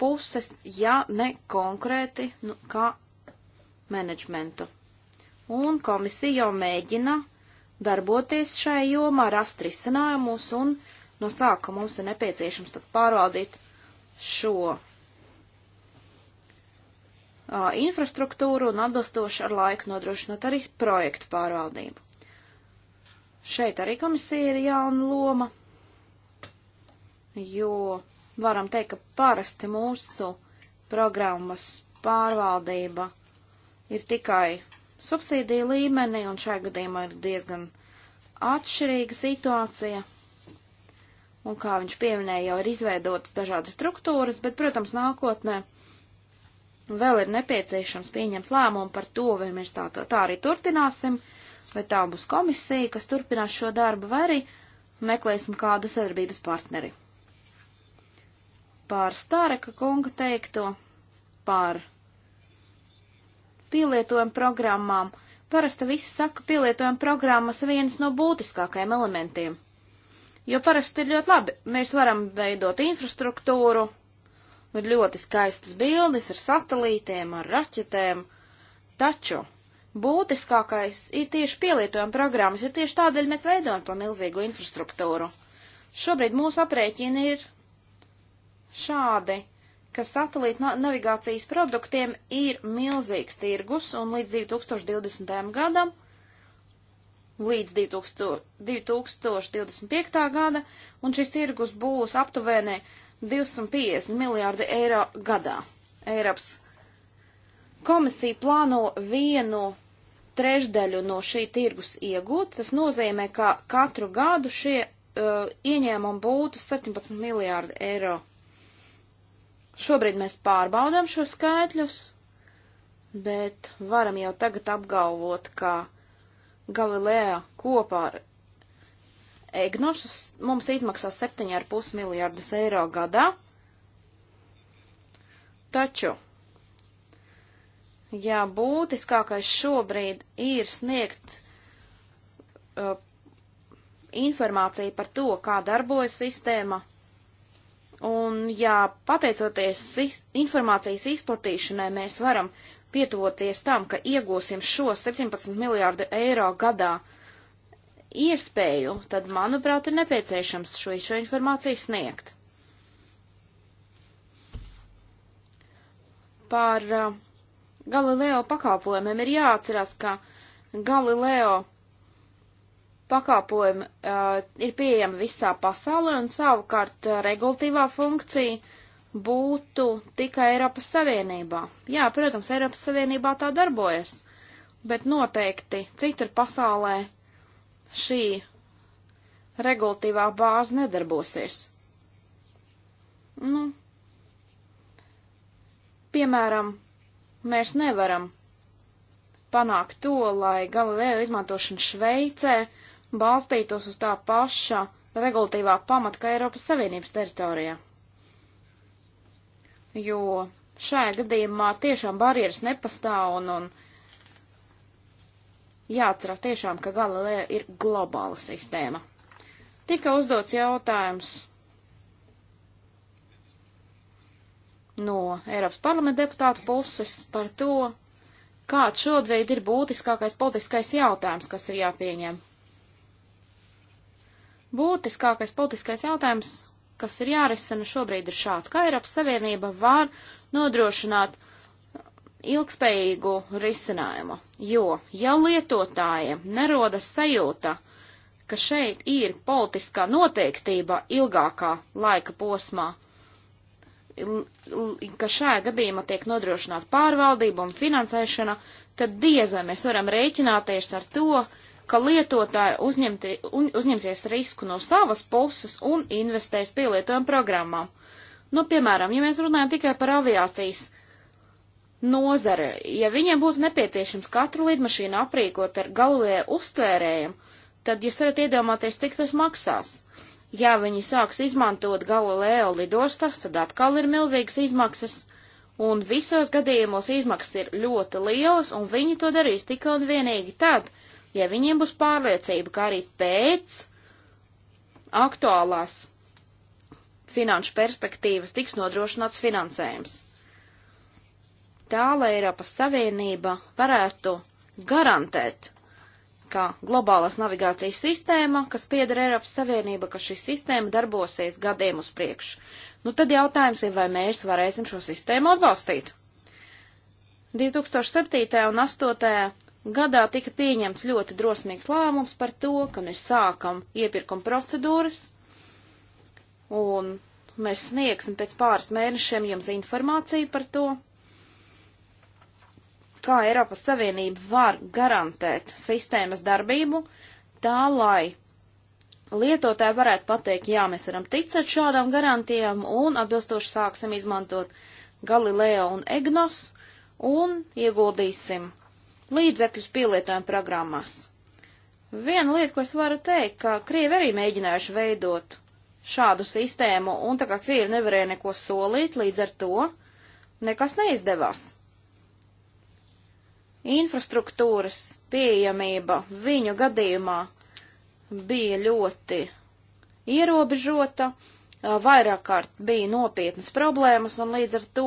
puses, ja ne konkrēti nu, kā menedžmentu. Un komisija jau mēģina darboties šai jomā, rast risinājumus un no sākuma mums ir nepieciešams tad pārvaldīt šo uh, infrastruktūru un atbilstoši ar laiku nodrošināt arī projektu pārvaldību. Šeit arī komisija ir jauna loma, jo varam teikt, ka parasti mūsu programmas pārvaldība ir tikai subsīdiju līmeni, un šajā gadījumā ir diezgan atšķirīga situācija. Un kā viņš pieminēja, jau ir izveidotas dažādas struktūras, bet, protams, nākotnē vēl ir nepieciešams pieņemt lēmumu par to, vai mēs tā, tā, tā arī turpināsim, vai tā būs komisija, kas turpinās šo darbu, vai arī meklēsim kādu sadarbības partneri. Pār Stāreka kunga teikto, pār pielietojuma programmām. Parasti visi saka, pielietojuma programmas viens no būtiskākajiem elementiem. Jo parasti ir ļoti labi. Mēs varam veidot infrastruktūru, ir ļoti skaistas bildes ar satelītiem, ar raķetēm, taču būtiskākais ir tieši pielietojuma programmas, jo tieši tādēļ mēs veidojam to milzīgo infrastruktūru. Šobrīd mūsu aprēķini ir šādi ka satelīta navigācijas produktiem ir milzīgs tirgus un līdz 2020. gadam, līdz 2000, 2025. gada, un šis tirgus būs aptuveni 250 miljārdi eiro gadā. Eiropas komisija plāno vienu trešdaļu no šī tirgus iegūt, tas nozīmē, ka katru gadu šie uh, ieņēmumi būtu 17 miljārdi eiro Šobrīd mēs pārbaudām šo skaitļus, bet varam jau tagad apgalvot, ka Galilēja kopā ar Egnošu mums izmaksā 7,5 miljārdus eiro gadā. Taču, ja būtiskākais šobrīd ir sniegt uh, informāciju par to, kā darbojas sistēma, Un, ja pateicoties informācijas izplatīšanai, mēs varam pietuvoties tam, ka iegūsim šo 17 miljārdu eiro gadā iespēju, tad, manuprāt, ir nepieciešams šo, šo informāciju sniegt. Par uh, Galileo pakalpojumiem ir jāatcerās, ka Galileo pakāpojumi uh, ir pieejami visā pasaulē, un savukārt uh, regulatīvā funkcija būtu tikai Eiropas Savienībā. Jā, protams, Eiropas Savienībā tā darbojas, bet noteikti citur pasaulē šī regulatīvā bāze nedarbosies. Nu, piemēram, mēs nevaram panākt to, lai Galileo izmantošana Šveicē uh, balstītos uz tā paša regulatīvā pamata kā Eiropas Savienības teritorijā. Jo šajā gadījumā tiešām barjeras nepastāv un, un jāatcerās tiešām, ka Galileo ir globāla sistēma. Tika uzdots jautājums no Eiropas parlamenta deputāta puses par to, kāds šobrīd ir būtiskākais politiskais jautājums, kas ir jāpieņem būtiskākais politiskais jautājums, kas ir jārisina šobrīd, ir šāds. Kā Eiropas Savienība var nodrošināt ilgspējīgu risinājumu? Jo, ja lietotājiem nerodas sajūta, ka šeit ir politiskā noteiktība ilgākā laika posmā, ka šajā gadījumā tiek nodrošināta pārvaldība un finansēšana, tad diez vai mēs varam rēķināties ar to, ka lietotāji uzņemti, un, uzņemsies risku no savas puses un investēs pielietojuma programmām. Nu, piemēram, ja mēs runājam tikai par aviācijas nozare, ja viņiem būtu nepieciešams katru lidmašīnu aprīkot ar galilēju uztvērējiem, tad jūs varat iedomāties, cik tas maksās. Ja viņi sāks izmantot galilēju lidostas, tad atkal ir milzīgas izmaksas, un visos gadījumos izmaksas ir ļoti lielas, un viņi to darīs tikai un vienīgi tad, ja viņiem būs pārliecība, ka arī pēc aktuālās finanšu perspektīvas tiks nodrošināts finansējums. Tā, lai Eiropas Savienība varētu garantēt, ka globālās navigācijas sistēma, kas pieder Eiropas Savienība, ka šī sistēma darbosies gadiem uz priekšu. Nu tad jautājums ir, vai mēs varēsim šo sistēmu atbalstīt. 2007. un 2008 gadā tika pieņemts ļoti drosmīgs lēmums par to, ka mēs sākam iepirkuma procedūras, un mēs sniegsim pēc pāris mēnešiem jums informāciju par to, kā Eiropas Savienība var garantēt sistēmas darbību tā, lai lietotāji varētu pateikt, jā, mēs varam ticēt šādām garantijām un atbilstoši sāksim izmantot Galileo un Egnos un ieguldīsim līdzekļus pielietojam programmās. Viena lieta, ko es varu teikt, ka Krievi arī mēģinājuši veidot šādu sistēmu, un tā kā Krievi nevarēja neko solīt, līdz ar to nekas neizdevās. Infrastruktūras pieejamība viņu gadījumā bija ļoti ierobežota, vairāk kārt bija nopietnas problēmas, un līdz ar to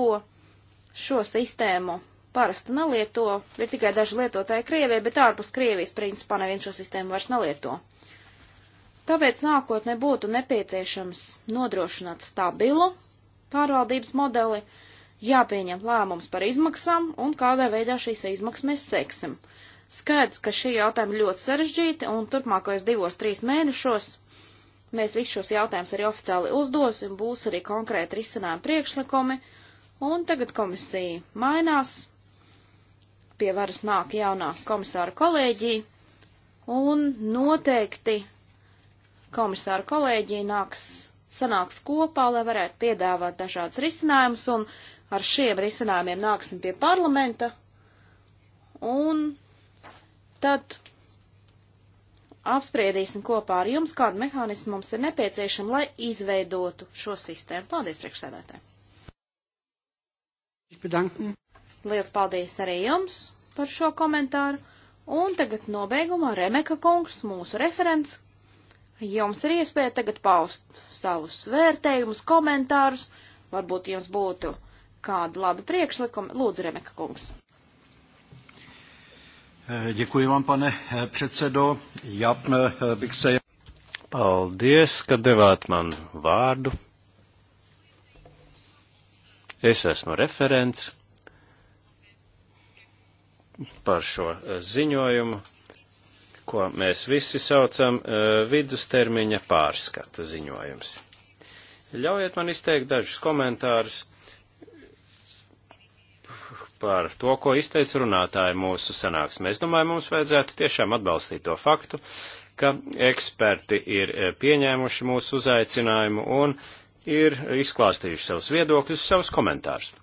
šo sistēmu parasti nelieto, ir tikai daži lietotāji Krievijai, bet ārpus Krievijas principā neviens šo sistēmu vairs nelieto. Tāpēc nākotnē būtu nepieciešams nodrošināt stabilu pārvaldības modeli, jāpieņem lēmums par izmaksām un kādā veidā šīs izmaksas mēs seksim. Skaidrs, ka šie jautājumi ļoti sarežģīti un turpmākajos divos, trīs mēnešos mēs visus šos jautājumus arī oficiāli uzdosim, būs arī konkrēti risinājumi priekšlikumi, un tagad komisija mainās, pie varas nāk jaunā komisāra kolēģija, un noteikti komisāra kolēģija nāks, sanāks kopā, lai varētu piedāvāt dažādas risinājumus, un ar šiem risinājumiem nāksim pie parlamenta, un tad apspriedīsim kopā ar jums, kādu mehānismu mums ir nepieciešama, lai izveidotu šo sistēmu. Paldies, priekšsēdētāji! Liels paldies arī jums par šo komentāru. Un tagad nobeigumā Remeka kungs, mūsu referents, jums ir iespēja tagad paust savus vērtējumus, komentārus, varbūt jums būtu kāda laba priekšlikuma. Lūdzu, Remeka kungs.
Eh, děkuji vám, pane eh, předsedo. Já eh, bych se... Paldies, ka devāt man vārdu. Es esmu referents par šo eh, ziņojumu, ko mēs visi saucam eh, vidustermiņa pārskata ziņojums. Ļaujiet man izteikt dažus komentārus par to, ko izteica runātāji mūsu sanāksmē. Es domāju, mums vajadzētu tiešām atbalstīt to faktu, ka eksperti ir eh, pieņēmuši mūsu uzaicinājumu un ir izklāstījuši savus viedokļus, savus komentārus.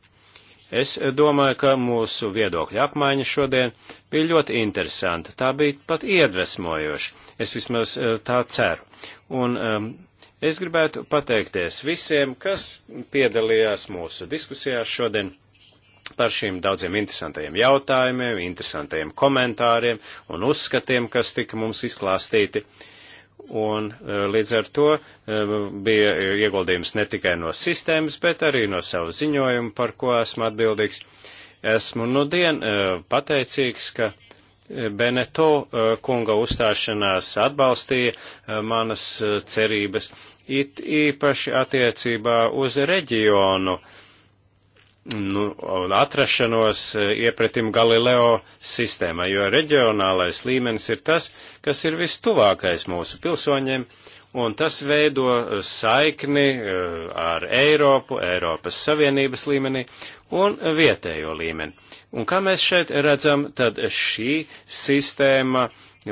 Es domāju, ka mūsu viedokļa apmaiņa šodien bija ļoti interesanta. Tā bija pat iedvesmojoša. Es vismaz eh, tā ceru. Un um, es gribētu pateikties visiem, kas piedalījās mūsu diskusijās šodien par šīm daudziem interesantajiem jautājumiem, interesantajiem komentāriem un uzskatiem, kas tika mums izklāstīti. Uh, un eh, līdz ar to eh, bija ieguldījums ne tikai no sistēmas, bet arī no savu ziņojumu, par ko esmu atbildīgs. Esmu nu dien eh, pateicīgs, ka Beneto kunga uzstāšanās atbalstīja manas cerības, it īpaši attiecībā uz reģionu uh, nu, un atrašanos e, iepretim Galileo sistēmai, jo reģionālais līmenis ir tas, kas ir vistuvākais mūsu pilsoņiem, un tas veido saikni e, ar Eiropu, Eiropas Savienības līmenī un vietējo līmeni. Un kā mēs šeit redzam, tad šī sistēma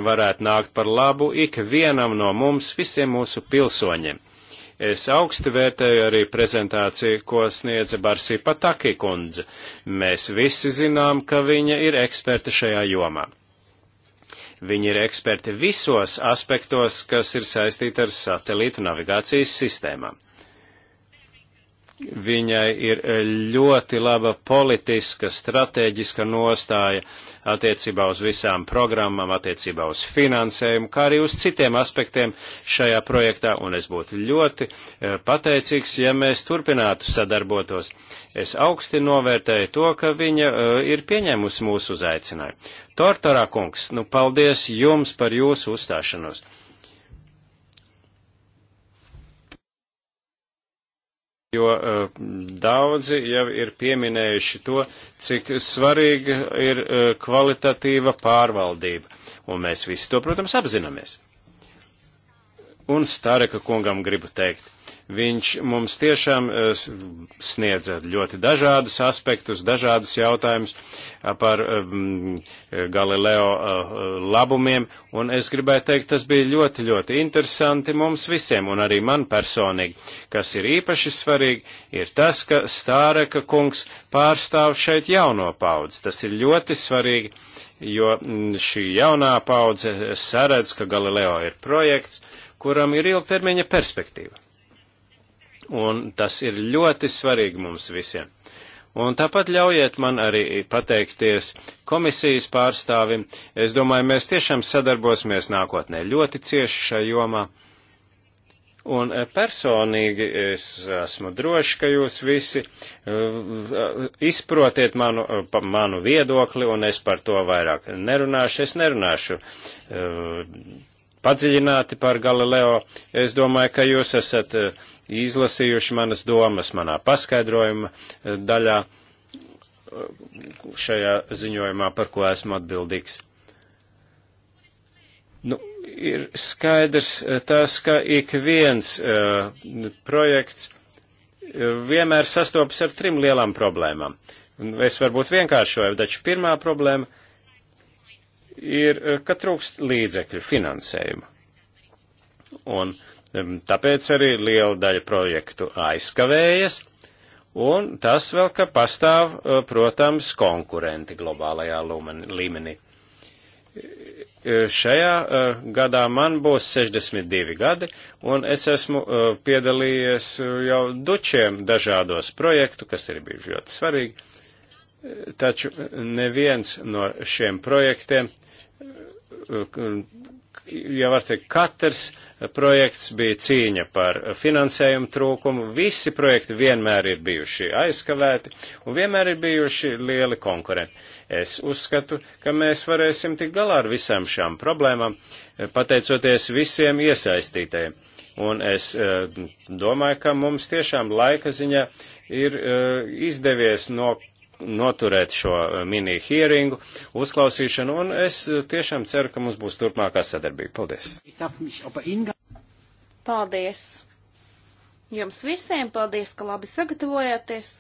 varētu nākt par labu ikvienam no mums, visiem mūsu pilsoņiem Es augsti vērtēju arī prezentāciju, ko sniedza Barsī Pataki kundze. Mēs visi zinām, ka viņa ir eksperte šajā jomā. Viņi ir eksperti visos aspektos, kas ir saistīti ar satelītu navigācijas sistēmām. Viņai ir e, ļoti laba politiska, strateģiska nostāja attiecībā uz visām programmām, attiecībā uz finansējumu, kā arī uz citiem aspektiem šajā projektā, un es būtu ļoti e, pateicīgs, ja mēs turpinātu sadarbotos. Es augsti novērtēju to, ka viņa e, ir pieņēmusi mūsu uzaicinājumu. Tortorā kungs, nu paldies jums par jūsu uzstāšanos! jo uh, daudzi jau ir pieminējuši to, cik svarīga ir uh, kvalitatīva pārvaldība, un mēs visi to, protams, apzināmies. Un Stareka kungam gribu teikt, Viņš mums tiešām eh, sniedza ļoti dažādus aspektus, dažādus jautājumus par mm, Galileo labumiem, un es gribēju teikt, tas bija ļoti, ļoti interesanti mums visiem, un arī man personīgi. Kas ir īpaši svarīgi, ir tas, ka Stāreka kungs pārstāv šeit jauno paudzi. Tas ir ļoti svarīgi, jo mm, šī jaunā paudze eh, saredz, ka Galileo ir projekts, kuram ir ilgtermiņa perspektīva Un tas ir ļoti svarīgi mums visiem. Un tāpat ļaujiet man arī pateikties komisijas pārstāvim. Es domāju, mēs tiešām sadarbosimies nākotnē ļoti cieši šajā jomā. Un eh, personīgi es esmu drošs, ka jūs visi eh, izprotiet manu, eh, manu viedokli, un es par to vairāk nerunāšu. Es nerunāšu padziļināti par Galileo. Es domāju, ka jūs esat eh, izlasījuši manas domas manā paskaidrojuma eh, daļā eh, šajā ziņojumā, par ko esmu atbildīgs. Nu, ir skaidrs tas, ka ik viens uh, projekts vienmēr sastopas ar trim lielām problēmām. Es varbūt vienkāršoju, taču pirmā problēma ir, eh, ka trūkst līdzekļu finansējumu. Un tāpēc arī liela daļa projektu aizkavējas, un tas vēl, ka pastāv, eh, protams, konkurenti globālajā līmenī. E, šajā e, gadā man būs 62 gadi, un es esmu e, piedalījies jau dučiem dažādos projektu, kas ir bijuši ļoti svarīgi taču neviens no šiem projektiem ja var teikt, katrs projekts bija cīņa par finansējumu trūkumu, visi projekti vienmēr ir bijuši aizskavēti un vienmēr ir bijuši lieli konkurenti. Es uzskatu, ka mēs varēsim tik galā ar visām šām problēmām, pateicoties visiem iesaistītajiem. Un es eh, domāju, ka mums tiešām laika ziņā ir eh, izdevies no noturēt šo eh, mini hearingu, uzklausīšanu, un es eh, tiešām ceru, ka mums būs turpmākā sadarbība.
Paldies! Paldies! Jums visiem paldies, ka labi sagatavojāties!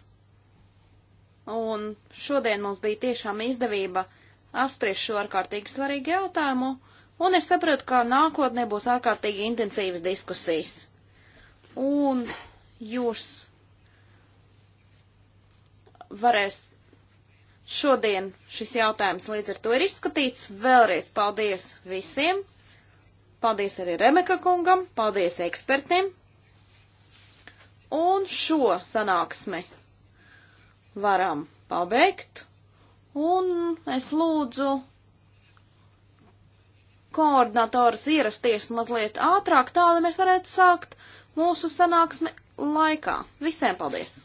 Un šodien mums bija tiešām izdevība apspriest šo ārkārtīgi svarīgu jautājumu, un es saprotu, ka nākotnē būs ārkārtīgi intensīvas diskusijas. Un jūs varēs šodien šis jautājums līdz ar to ir izskatīts. Vēlreiz paldies visiem. Paldies arī Remeka kungam, paldies ekspertiem. Un šo sanāksmi varam pabeigt. Un es lūdzu koordinators ierasties mazliet ātrāk, tā lai mēs varētu sākt mūsu sanāksmi laikā. Visiem paldies!